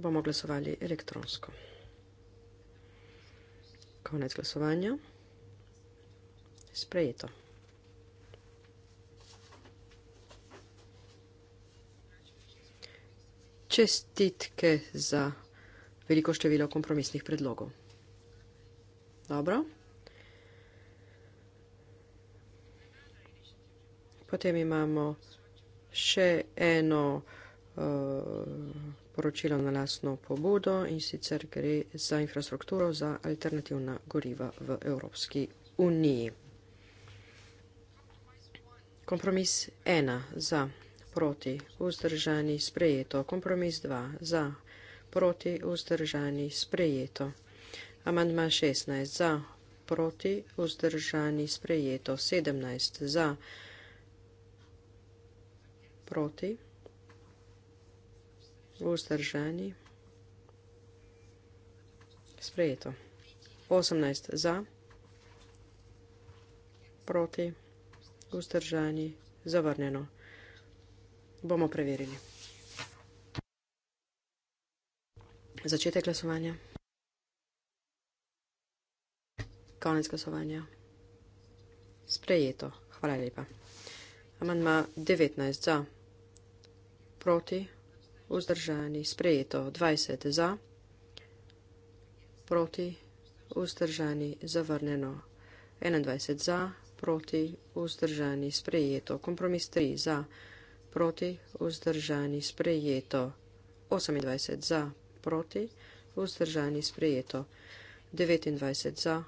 bomo glasovali elektronsko. Konec glasovanja. Sprejeto. Čestitke za veliko število kompromisnih predlogov. Dobro. Potem imamo še eno uh, poročilo na lasno pobudo in sicer gre za infrastrukturo za alternativna goriva v Evropski uniji. Kompromis 1 za proti vzdržani sprejeto. Kompromis 2 za proti vzdržani sprejeto. Amandma 16 za proti vzdržani sprejeto. 17 za proti vzdržani sprejeto. Vzdržani. Sprejeto. 18 za. Proti. Vzdržani. Zavrnjeno. Bomo preverili. Začetek glasovanja. Konec glasovanja. Sprejeto. Hvala lepa. Amandma 19 za. Proti vzdržani, sprejeto 20 za, proti, vzdržani, zavrneno 21 za, proti, vzdržani, sprejeto, kompromis 3 za, proti, vzdržani, sprejeto 28 za, proti, vzdržani, sprejeto 29 za,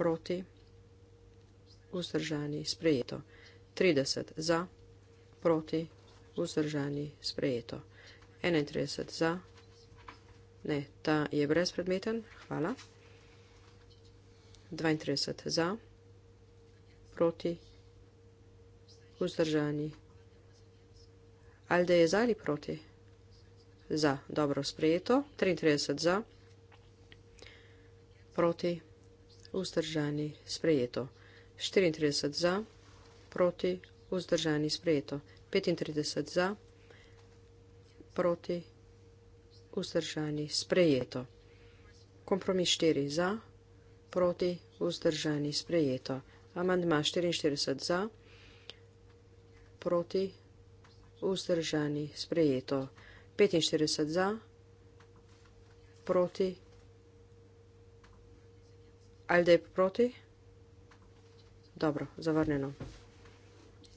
proti, vzdržani, sprejeto 30 za, proti, vzdržani, sprejeto. 31 za. Ne, ta je brezpredmeten, hvala. 32 za, proti, vzdržani. Ali da je za ali proti? Za, dobro sprejeto. 33 za, proti, vzdržani, sprejeto. 34 za, proti, vzdržani, sprejeto. 35 za, proti, vzdržani, sprejeto. Kompromis 4 za, proti, vzdržani, sprejeto. Amandma 44 za, proti, vzdržani, sprejeto. 45 za, proti, ali da je proti? Dobro, zavrneno.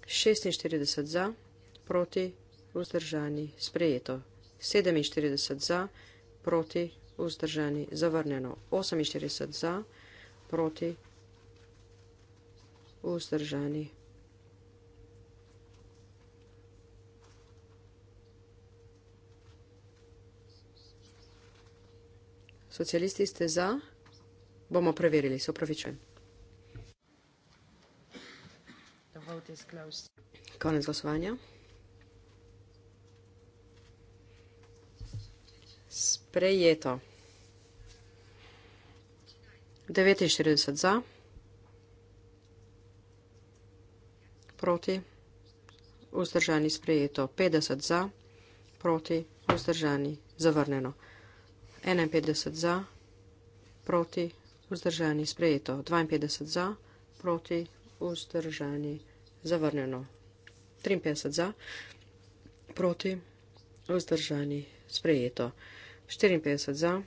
46 za, proti, proti, vzdržani, sprejeto. 47 za, proti, vzdržani, zavrnjeno. 48 za, proti, vzdržani. Socialisti ste za, bomo preverili, so pravičen. Konec glasovanja. Sprejeto. 49 za. Proti. Vzdržani sprejeto. 50 za. Proti. Vzdržani zavrneno. 51 za. Proti. Vzdržani sprejeto. 52 za. Proti. Vzdržani zavrneno. 53 za. Proti. Vzdržani sprejeto. 54 za,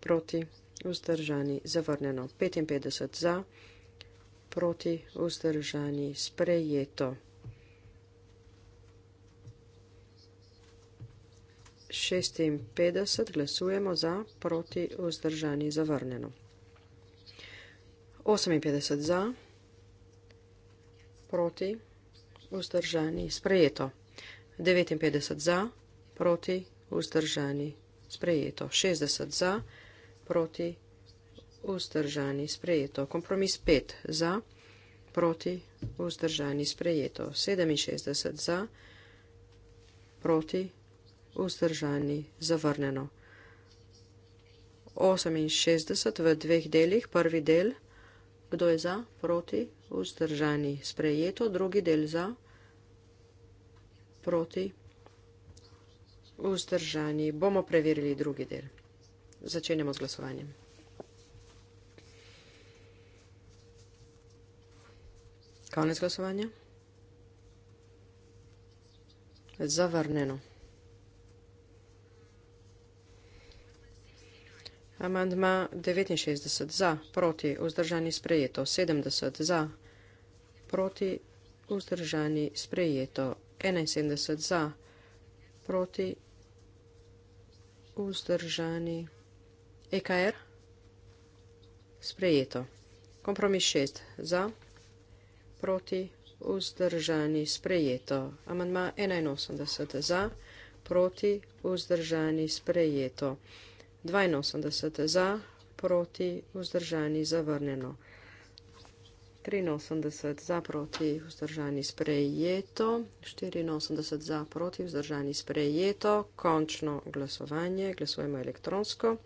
proti, vzdržani, zavrnjeno. 55 za, proti, vzdržani, sprejeto. 56 glasujemo za, proti, vzdržani, zavrnjeno. 58 za, proti, vzdržani, sprejeto. 59 za, proti, vzdržani, sprejeto. 60 za, proti, vzdržani, sprejeto. Kompromis 5 za, proti, vzdržani, sprejeto. 67 za, proti, vzdržani, zavrneno. 68 v dveh delih, prvi del, kdo je za, proti, vzdržani, sprejeto, drugi del za, proti, vzdržani, sprejeto. Vzdržani. Bomo preverili drugi del. Začenjamo z glasovanjem. Konec glasovanja. Zavrneno. Amandma 69 za, proti, vzdržani sprejeto, 70 za, proti, vzdržani sprejeto, 71 za, proti, vzdržani sprejeto vzdržani. EKR? Er? Sprejeto. Kompromis 6. Za. Proti. Vzdržani. Sprejeto. Amandma 81. Za. Proti. Vzdržani. Sprejeto. 82. Za. Proti. Vzdržani. Zavrneno. 83 za proti vzdržani sprejeto, 84 za proti vzdržani sprejeto, končno glasovanje, glasujemo elektronsko.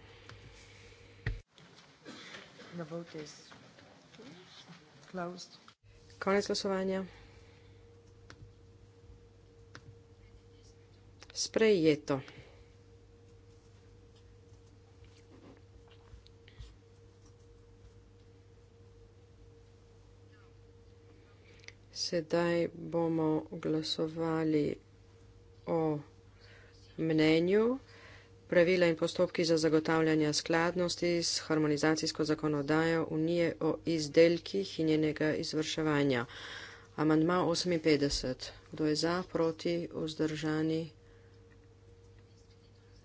Konec glasovanja. Sprejeto. Sedaj bomo glasovali o mnenju. Pravila in postopki za zagotavljanje skladnosti s harmonizacijsko zakonodajo Unije o izdelkih in njenega izvrševanja. Amandma 58. Kdo je za, proti, vzdržani?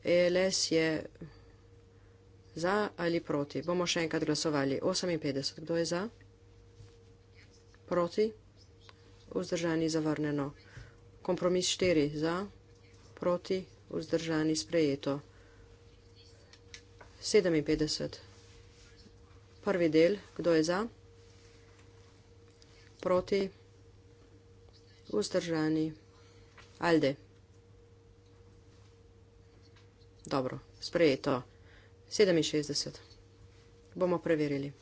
ELS je za ali proti? Bomo še enkrat glasovali. 58. Kdo je za? Proti? vzdržani zavrnjeno. Kompromis 4 za, proti, vzdržani sprejeto. 57. Prvi del, kdo je za, proti, vzdržani, alde. Dobro, sprejeto. 67. Bomo preverili.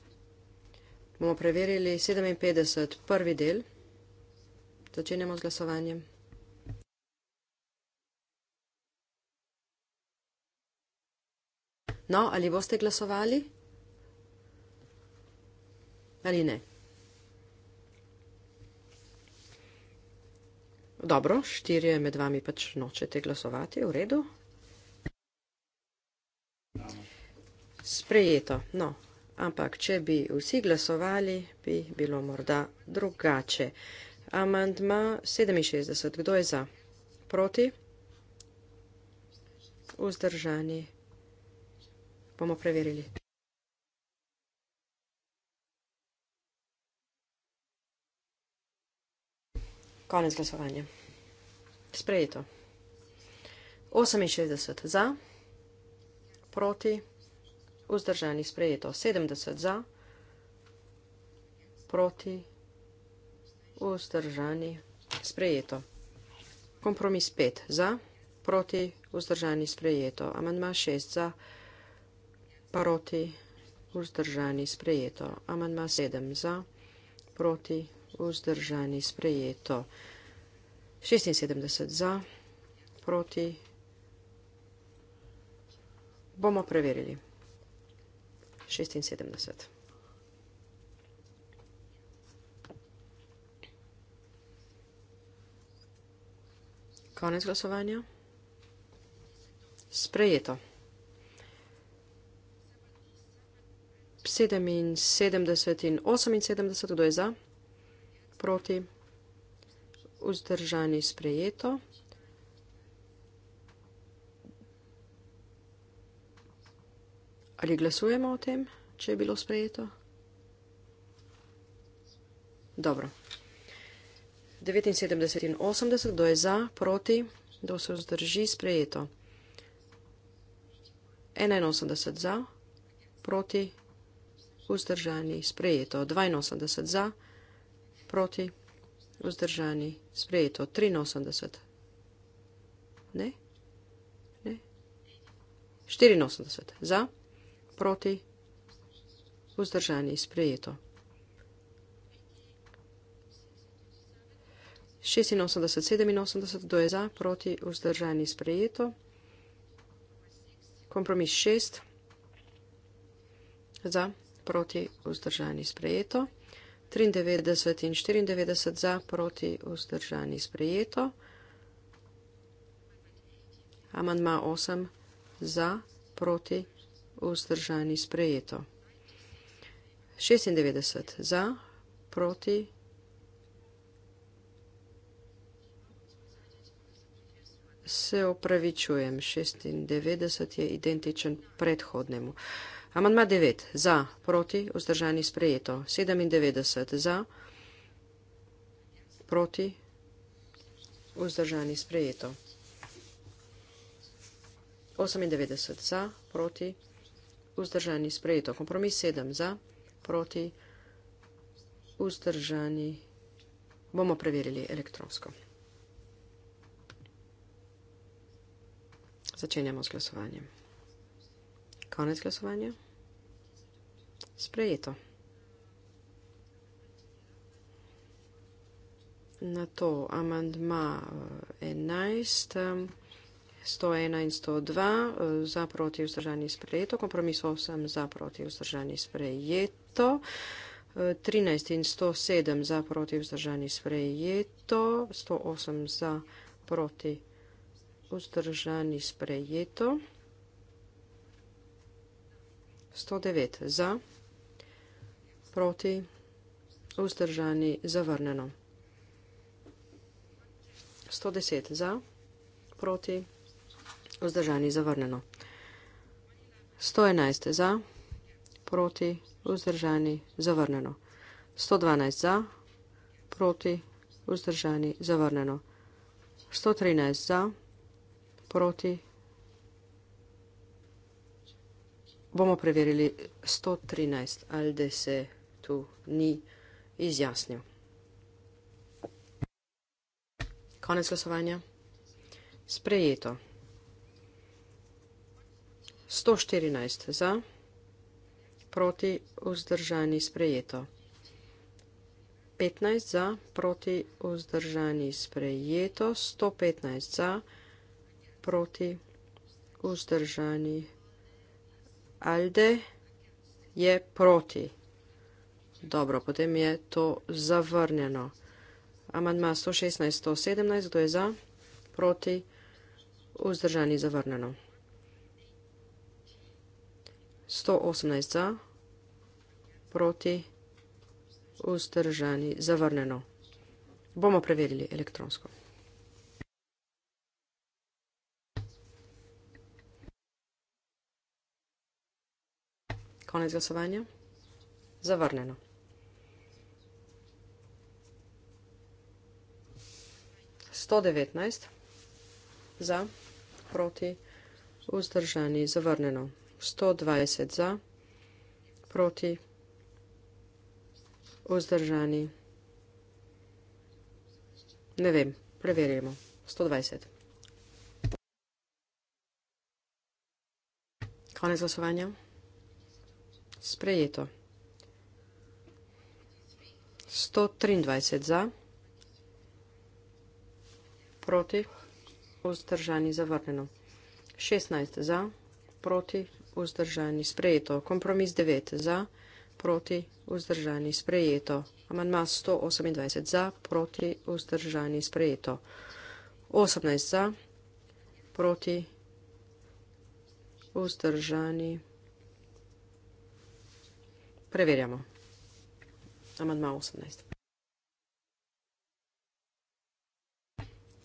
Bomo preverili 57. Prvi del. Začenjamo z glasovanjem. No, ali boste glasovali? Ali ne? Dobro, štirje med vami pač nočete glasovati, v redu. Sprejeto, no, ampak če bi vsi glasovali, bi bilo morda drugače. Amandma 67. Kdo je za? Proti? Vzdržani. Bomo preverili. Konec glasovanja. Sprejeto. 68 za, proti, vzdržani sprejeto. 70 za, proti, vzdržani sprejeto vzdržani, sprejeto. Kompromis 5 za, proti, vzdržani, sprejeto. Amandma 6 za, proti, vzdržani, sprejeto. Amandma 7 za, proti, vzdržani, sprejeto. 76 za, proti, bomo preverili. 76. Konec glasovanja. Sprejeto. 77 in 78, kdo je za? Proti. Vzdržani sprejeto. Ali glasujemo o tem, če je bilo sprejeto? Dobro. 79 in 80, kdo je za, proti, kdo se vzdrži, sprejeto. 81 za, proti, vzdržani, sprejeto. 82 za, proti, vzdržani, sprejeto. 83. Ne? Ne? 84 za, proti, vzdržani, sprejeto. 86, 87, kdo je za, proti, vzdržani, sprejeto. Kompromis 6, za, proti, vzdržani, sprejeto. 93 in 94 za, proti, vzdržani, sprejeto. Amandma 8 za, proti, vzdržani, sprejeto. 96 za, proti, vzdržani, sprejeto. se opravičujem, 96 je identičen predhodnemu. Amandma 9, za, proti, vzdržani sprejeto, 97, za, proti, vzdržani sprejeto, 98, za, proti, vzdržani sprejeto, kompromis 7, za, proti, vzdržani, bomo preverili elektronsko. Začenjamo z glasovanjem. Konec glasovanja. Sprejeto. Na to amandma 11, eh, 101 eh, in 102 eh, za proti vzdržanje sprejeto, kompromis 8 za proti vzdržanje sprejeto, 13 in 107 za proti vzdržanje sprejeto, 108 za proti vzdržanje sprejeto vzdržani sprejeto 109 za proti vzdržani zavrneno 110 za proti vzdržani zavrneno 111 za proti vzdržani zavrneno 112 za proti vzdržani zavrneno 113 za proti proti. Bomo preverili 113, ali da se tu ni izjasnil. Konec glasovanja. Sprejeto. 114 za, proti vzdržani sprejeto. 15 za, proti vzdržani sprejeto. 115 za, proti vzdržani sprejeto proti vzdržani. Alde je proti. Dobro, potem je to zavrnjeno. Amandma 116, 117, kdo je za? Proti vzdržani zavrnjeno. 118 za, proti, vzdržani, zavrnjeno. Bomo preverili elektronsko. Konec glasovanja. Zavrnjeno. Sto devetnajst za, proti, vzdržani, zavrnjeno. Sto dvajset za, proti, vzdržani. Ne vem, preverjamo. Sto dvajset. Konec glasovanja. Sprejeto. 123 za. Proti. Vzdržani zavrneno. 16 za. Proti. Vzdržani sprejeto. Kompromis 9 za. Proti. Vzdržani sprejeto. Amandma 128 za. Proti. Vzdržani sprejeto. 18 za. Proti. Vzdržani sprejeto. Preverjamo. Amandma 18.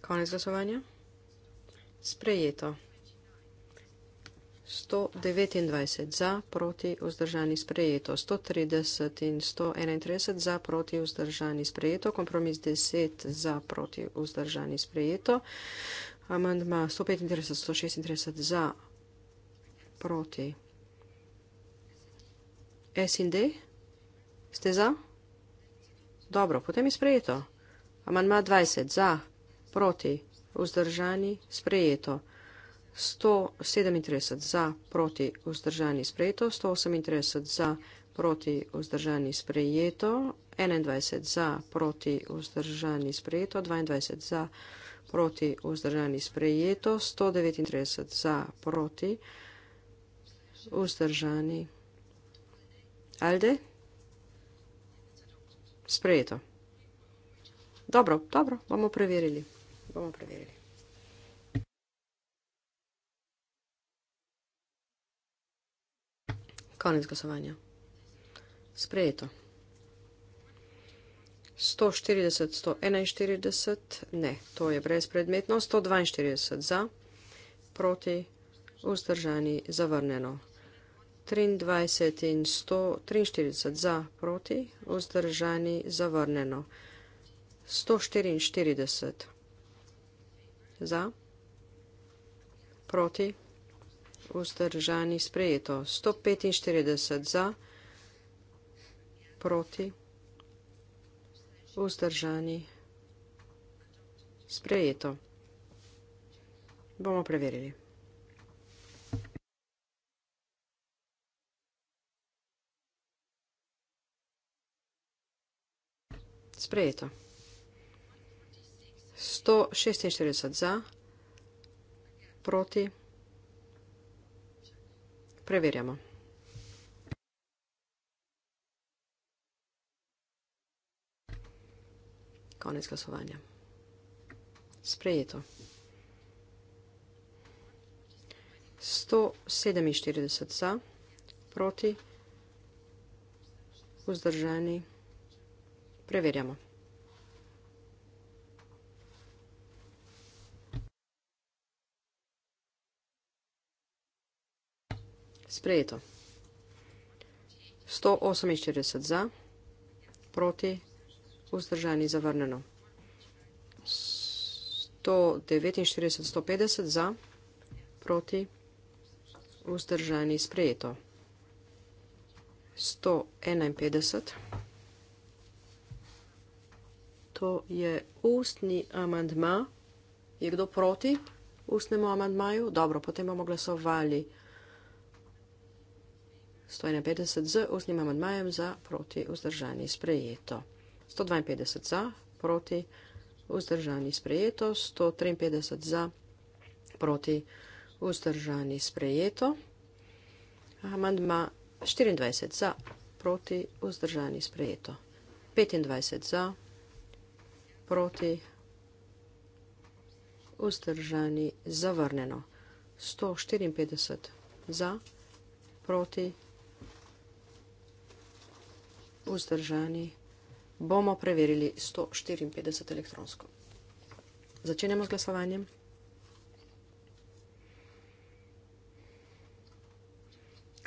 Konec glasovanja. Sprejeto. 129 za, proti, vzdržani sprejeto. 130 in 131 za, proti, vzdržani sprejeto. Kompromis 10 za, proti, vzdržani sprejeto. Amandma 135, 136 za, proti, S in D. Ste za? Dobro, potem je sprejeto. Amanma 20. Za, proti, vzdržani, sprejeto. 137 za, proti, vzdržani, sprejeto. 138 za, proti, vzdržani, sprejeto. 21 za, proti, vzdržani, sprejeto. 22 za, proti, vzdržani, sprejeto. 139 za, proti, vzdržani, sprejeto. Alde? Sprejeto. Dobro, dobro, bomo preverili. Bomo preverili. Konec glasovanja. Sprejeto. 140, 141, ne, to je brezpredmetno. 142 za, proti, vzdržani, zavrneno. 23 in 143 za, proti, vzdržani, zavrnjeno. 144 za, proti, vzdržani, sprejeto. 145 za, proti, vzdržani, sprejeto. Bomo preverili. Sprejeto. 146 za, proti. Preverjamo. Konec glasovanja. Sprejeto. 147 za, proti, vzdržani. Preverjamo. Sprejeto. 148 za, proti, vzdržani zavrneno. 149, 150 za, proti, vzdržani sprejeto. 151 za. To je ustni amandma. Je kdo proti ustnemu amandmaju? Dobro, potem bomo glasovali 151 z ustnim amandmajem za proti vzdržani sprejeto. 152 za proti vzdržani sprejeto. 153 za proti vzdržani sprejeto. Amandma 24 za proti vzdržani sprejeto. 25 za proti proti, vzdržani, zavrnjeno. 154 za, proti, vzdržani, bomo preverili 154 elektronsko. Začenjamo z glasovanjem.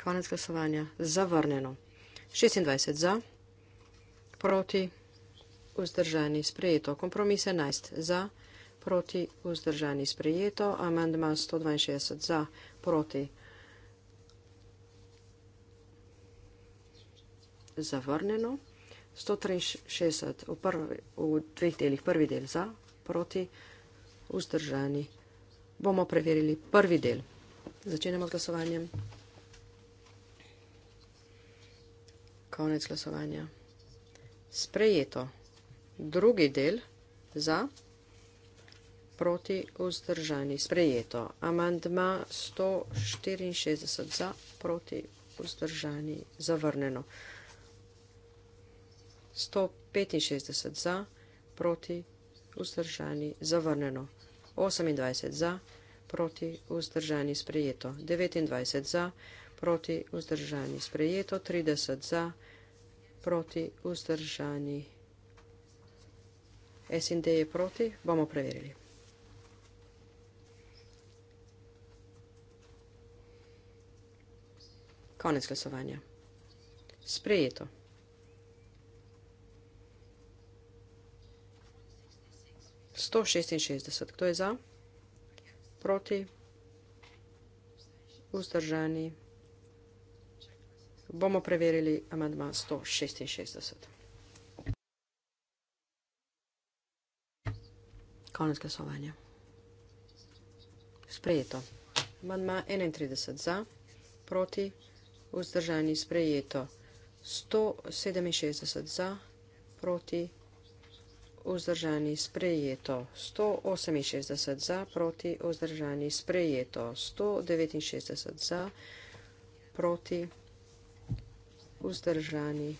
Konec glasovanja, zavrnjeno. 26 za, proti, vzdržani, vzdržani sprejeto. Kompromis 11 za, proti vzdržani sprejeto, amendma 162 za, proti zavrnjeno, 163 v, prvi, v dveh delih, prvi del za, proti vzdržani. Bomo preverili prvi del. Začenjamo z glasovanjem. Konec glasovanja. Sprejeto drugi del za proti vzdržani sprejeto. Amandma 164 za proti vzdržani zavrneno. 165 za proti vzdržani zavrneno. 28 za proti vzdržani sprejeto. 29 za proti vzdržani sprejeto. 30 za proti vzdržani sprejeto. SND je proti, bomo preverili. Konec glasovanja. Sprejeto. Sto šestinšestdeset. Kdo je za? Proti? Vzdržani? Bomo preverili amadma sto šestinšestdeset. Konec glasovanja. Sprejeto. Manjma 31 za, proti, vzdržani sprejeto. 167 za, proti, vzdržani sprejeto. 168 za, proti, vzdržani sprejeto. 169 za, proti, vzdržani.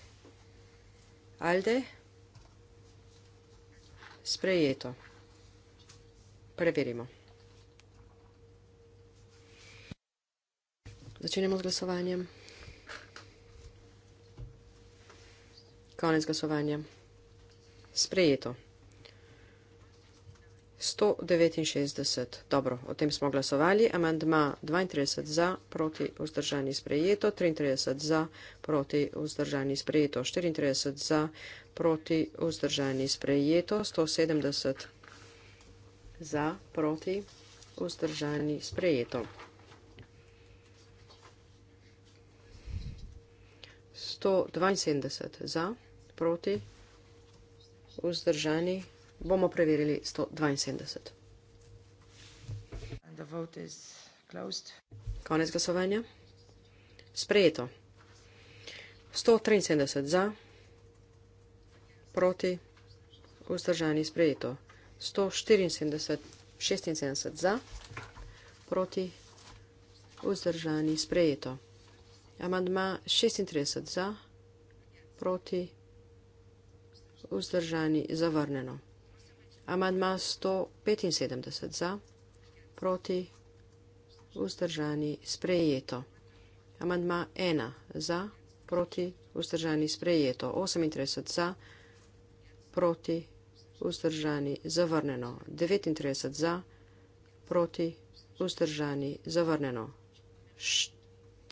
Alde, sprejeto. Preverimo. Začenjamo z glasovanjem. Konec glasovanja. Sprejeto. 169. Dobro, o tem smo glasovali. Amandma 32 za, proti vzdržani sprejeto. 33 za, proti vzdržani sprejeto. 34 za, proti vzdržani sprejeto. 170 za, proti, vzdržani, sprejeto. 172 za, proti, vzdržani, bomo preverili 172. And the vote is closed. Konec glasovanja. Sprejeto. 173 za, proti, vzdržani, sprejeto. 174, 76 za, proti vzdržani sprejeto. Amandma 36 za, proti vzdržani zavrneno. Amandma 175 za, proti vzdržani sprejeto. Amandma 1 za, proti vzdržani sprejeto. 38 za, proti vzdržani sprejeto vzdržani, zavrnjeno, 39 za, proti, vzdržani, zavrnjeno, 40,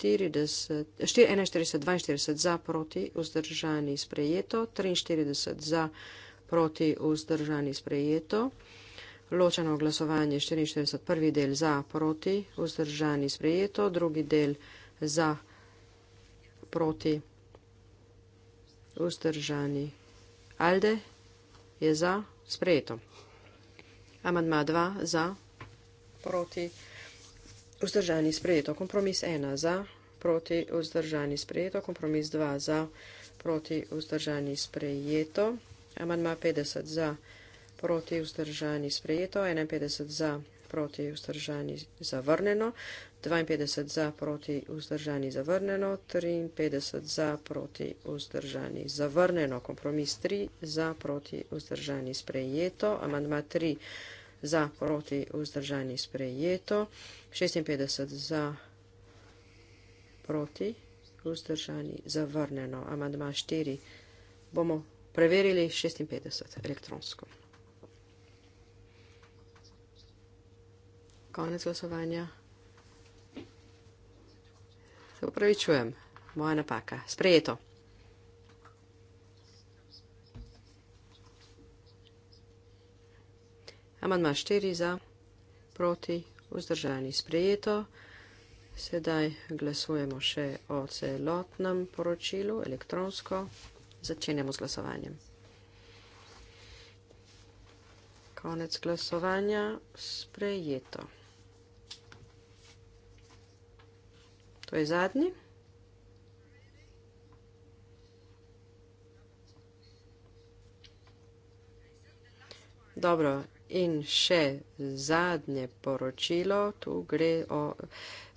4, 41, 42 za, proti, vzdržani, sprejeto, 43 za, proti, vzdržani, sprejeto, ločeno glasovanje, 44, prvi del za, proti, vzdržani, sprejeto, drugi del za, proti, vzdržani, alde, je za sprejeto. Amandma 2 za, proti, vzdržani sprejeto. Kompromis 1 za, proti, vzdržani sprejeto. Kompromis 2 za, proti, vzdržani sprejeto. Amandma 50 za, proti, vzdržani sprejeto. 51 za, proti vzdržani zavrnjeno, 52 za proti vzdržani zavrnjeno, 53 za proti vzdržani zavrnjeno, kompromis 3 za proti vzdržani sprejeto, amandma 3 za proti vzdržani sprejeto, 56 za proti vzdržani zavrnjeno, amandma 4 bomo preverili 56 elektronsko. konec glasovanja. Se upravičujem, moja napaka. Sprejeto. Amandma 4 za, proti, vzdržani sprejeto. Sedaj glasujemo še o celotnem poročilu elektronsko. Začenjamo z glasovanjem. Konec glasovanja sprejeto. To je zadnji. Dobro, in še zadnje poročilo. Tu gre o,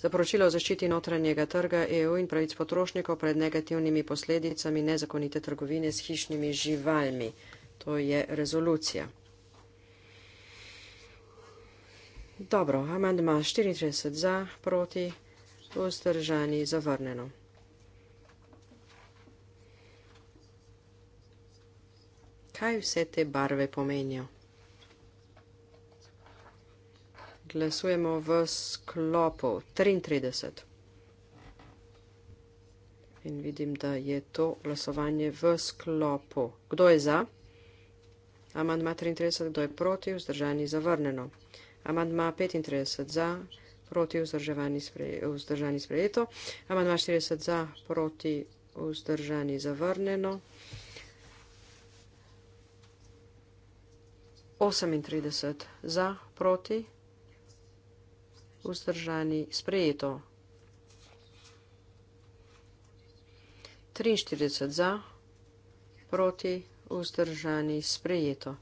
za poročilo o zaščiti notranjega trga EU in pravic potrošnikov pred negativnimi posledicami nezakonite trgovine s hišnimi živalmi. To je rezolucija. Dobro, amandma 34 za, proti. To ostržanje je zavrneno. Kaj vse te barve pomenijo? Glasujemo v sklopu 33. In vidim, da je to glasovanje v sklopu. Kdo je za? Amandma 33, kdo je proti? Vzdržani zavrneno. Amandma 35 za, proti vzdržani sprejeto. Amand 42 za, proti vzdržani zavrnjeno. 38 za, proti vzdržani sprejeto. 43 za, proti vzdržani sprejeto.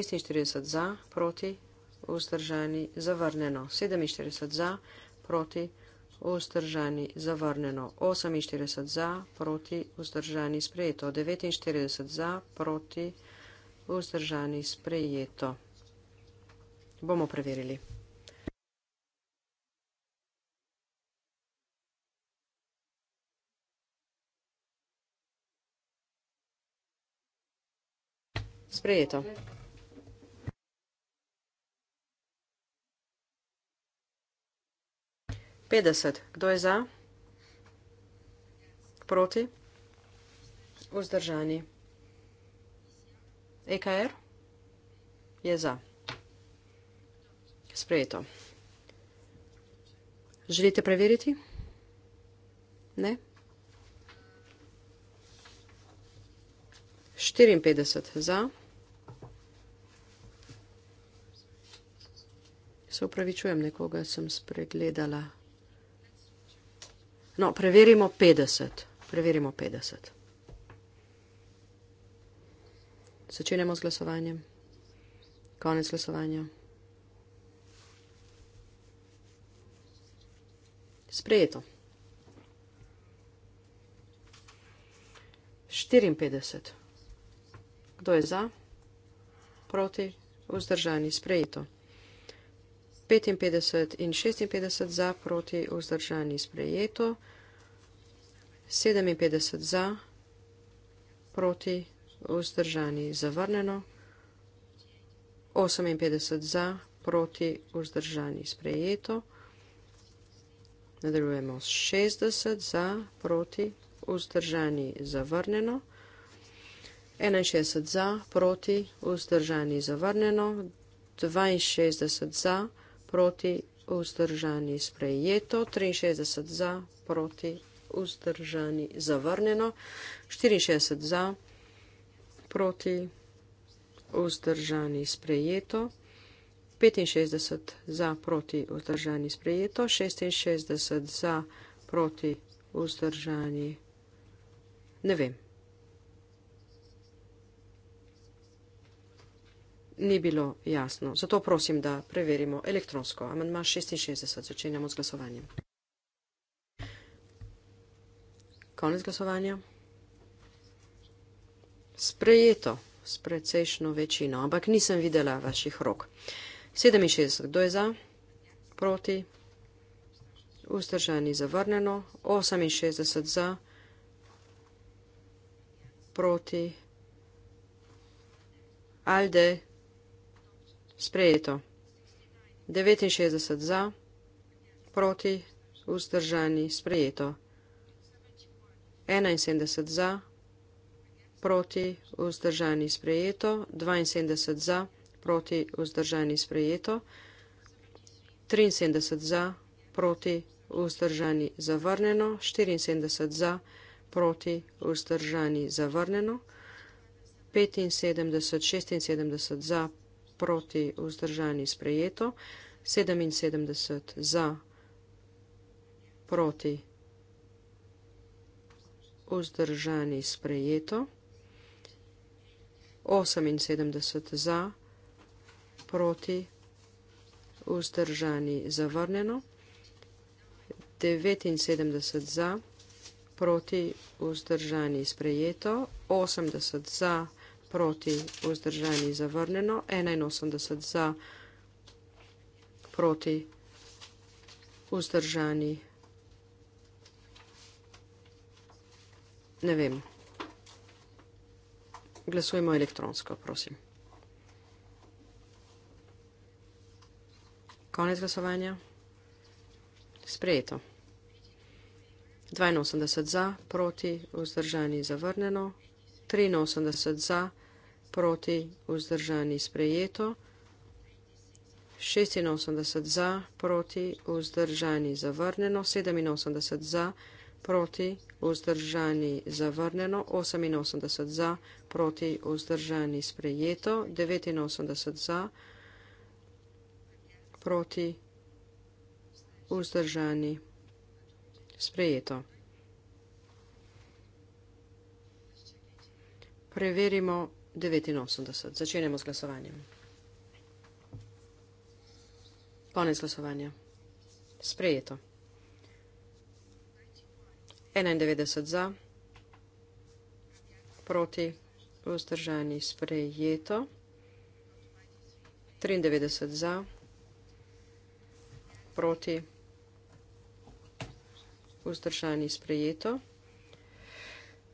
46 za, proti, vzdržani, zavrnjeno, 47 za, proti, vzdržani, zavrnjeno, 48 za, proti, vzdržani, sprejeto, 49 za, proti, vzdržani, sprejeto. Bomo preverili. Sprejeto. 50. Kdo je za? Proti? Vzdržani. EKR er? je za. Sprejeto. Želite preveriti? Ne? 54 za. Se upravičujem, nekoga sem spregledala. No, preverimo 50. Preverimo 50. Začenjamo z glasovanjem. Konec glasovanja. Sprejeto. 54. Kdo je za? Proti? Vzdržani? Sprejeto. 55 in 56 za, proti, vzdržani, sprejeto, 57 za, proti, vzdržani, zavrnjeno, 58 za, proti, vzdržani, sprejeto, nadaljujemo s 60 za, proti, vzdržani, zavrnjeno, 61 za, proti, vzdržani, zavrnjeno, 62 za, proti, proti, vzdržani, sprejeto, 63 za, proti, vzdržani, zavrnjeno, 64 za, proti, vzdržani, sprejeto, 65 za, proti, vzdržani, sprejeto, 66 za, proti, vzdržani, ne vem. ni bilo jasno. Zato prosim, da preverimo elektronsko. Amandma 66. Začenjamo z glasovanjem. Konec glasovanja. Sprejeto s precejšno večino, ampak nisem videla vaših rok. 67. Kdo je za? Proti? Vzdržani zavrneno. 68 za. Proti? Alde? sprejeto. 69 za, proti, vzdržani, sprejeto. 71 za, proti, vzdržani, sprejeto. 72 za, proti, vzdržani, sprejeto. 73 za, proti, vzdržani, zavrnjeno. 74 za, proti, vzdržani, zavrnjeno. 75, 76 za, proti vzdržani sprejeto, 77 za proti vzdržani sprejeto, 78 za proti vzdržani zavrnjeno, 79 za proti vzdržani sprejeto, 80 za proti vzdržani zavrnjeno, proti, vzdržani, zavrnjeno, 81 za, proti, vzdržani, ne vem. Glasujemo elektronsko, prosim. Konec glasovanja. Sprejeto. 82 za, proti, vzdržani, zavrnjeno, 83 za, proti, vzdržani, zavrnjeno, proti vzdržani sprejeto, 86 za proti vzdržani zavrnjeno, 87 za proti vzdržani zavrnjeno, 88 za proti vzdržani sprejeto, 89 za proti vzdržani sprejeto. Preverimo 89. Začenjamo z glasovanjem. Konec glasovanja. Sprejeto. 91 za, proti, vzdržani, sprejeto. 93 za, proti, vzdržani, sprejeto.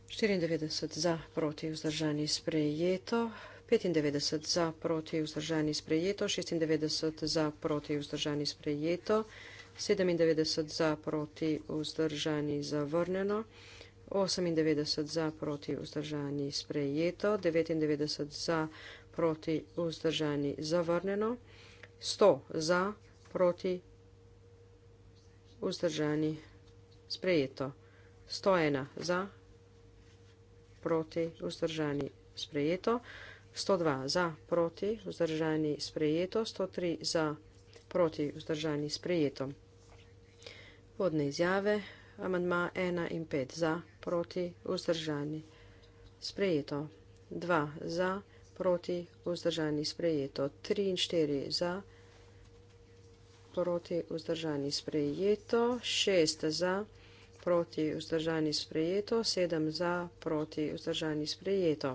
94 za proti vzdržani sprejeto, 95 za proti vzdržani sprejeto, 96 za proti vzdržani sprejeto, 97 za proti vzdržani zavrnjeno, 98 za proti vzdržani sprejeto, 99 za proti vzdržani zavrnjeno, 100 za proti vzdržani sprejeto, 101 za proti vzdržani sprejeto proti, vzdržani, sprejeto. 102 za, proti, vzdržani, sprejeto. 103 za, proti, vzdržani, sprejeto. Vodne izjave, amandma 1 in 5 za, proti, vzdržani, sprejeto. 2 za, proti, vzdržani, sprejeto. 3 in 4 za, proti, vzdržani, sprejeto. 6 za, proti, vzdržani, sprejeto proti vzdržani sprejeto, sedem za proti vzdržani sprejeto.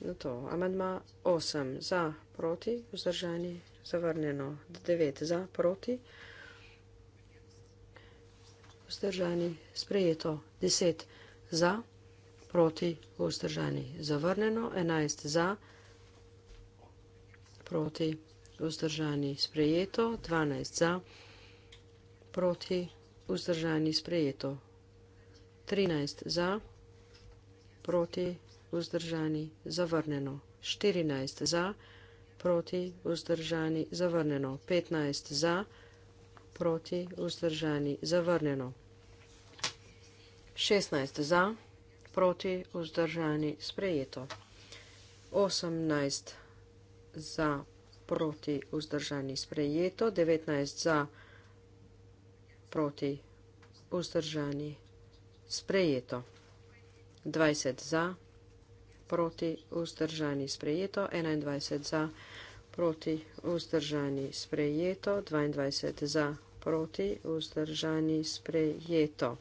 Na no to amandma 8 za proti vzdržani zavrnjeno, 9 za proti vzdržani sprejeto, 10 za proti vzdržani zavrnjeno, 11 za proti vzdržani sprejeto, 12 za proti vzdržani sprejeto. 13 za, proti vzdržani zavrnjeno. 14 za, proti vzdržani zavrnjeno. 15 za, proti vzdržani zavrnjeno. 16 za, proti vzdržani sprejeto. 18 za, proti vzdržani sprejeto. 19 za, proti vzdržani sprejeto proti, vzdržani, sprejeto. 20 za, proti, vzdržani, sprejeto. 21 za, proti, vzdržani, sprejeto. 22 za, proti, vzdržani, sprejeto.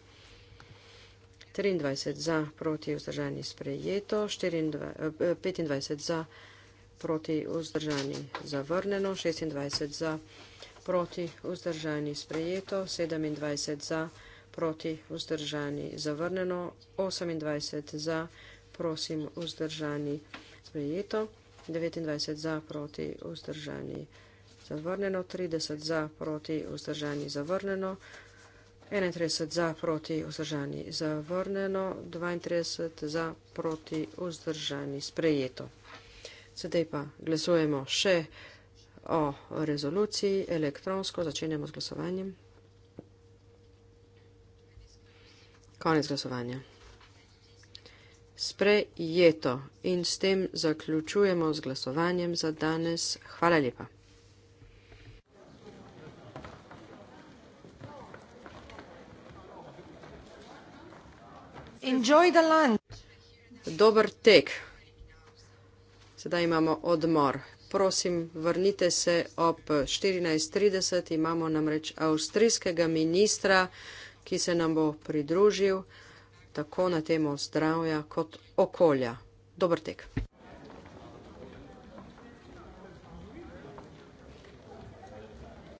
23 za, proti, vzdržani, sprejeto. 24, 25 eh, za, proti, vzdržani, zavrneno. 26 za, proti, vzdržani, sprejeto proti vzdržani sprejeto, 27 za, proti vzdržani zavrneno, 28 za, prosim vzdržani sprejeto, 29 za, proti vzdržani zavrneno, 30 za, proti vzdržani zavrneno, 31 za, proti vzdržani zavrneno, 32 za, proti vzdržani sprejeto. Sedaj pa glasujemo še o rezoluciji elektronsko, začenjamo z glasovanjem. Konec glasovanja. Sprejeto in s tem zaključujemo z glasovanjem za danes. Hvala lepa. Dober tek. Sedaj imamo odmor prosim, vrnite se ob 14.30. Imamo namreč avstrijskega ministra, ki se nam bo pridružil tako na temo zdravja kot okolja. Dobr tek.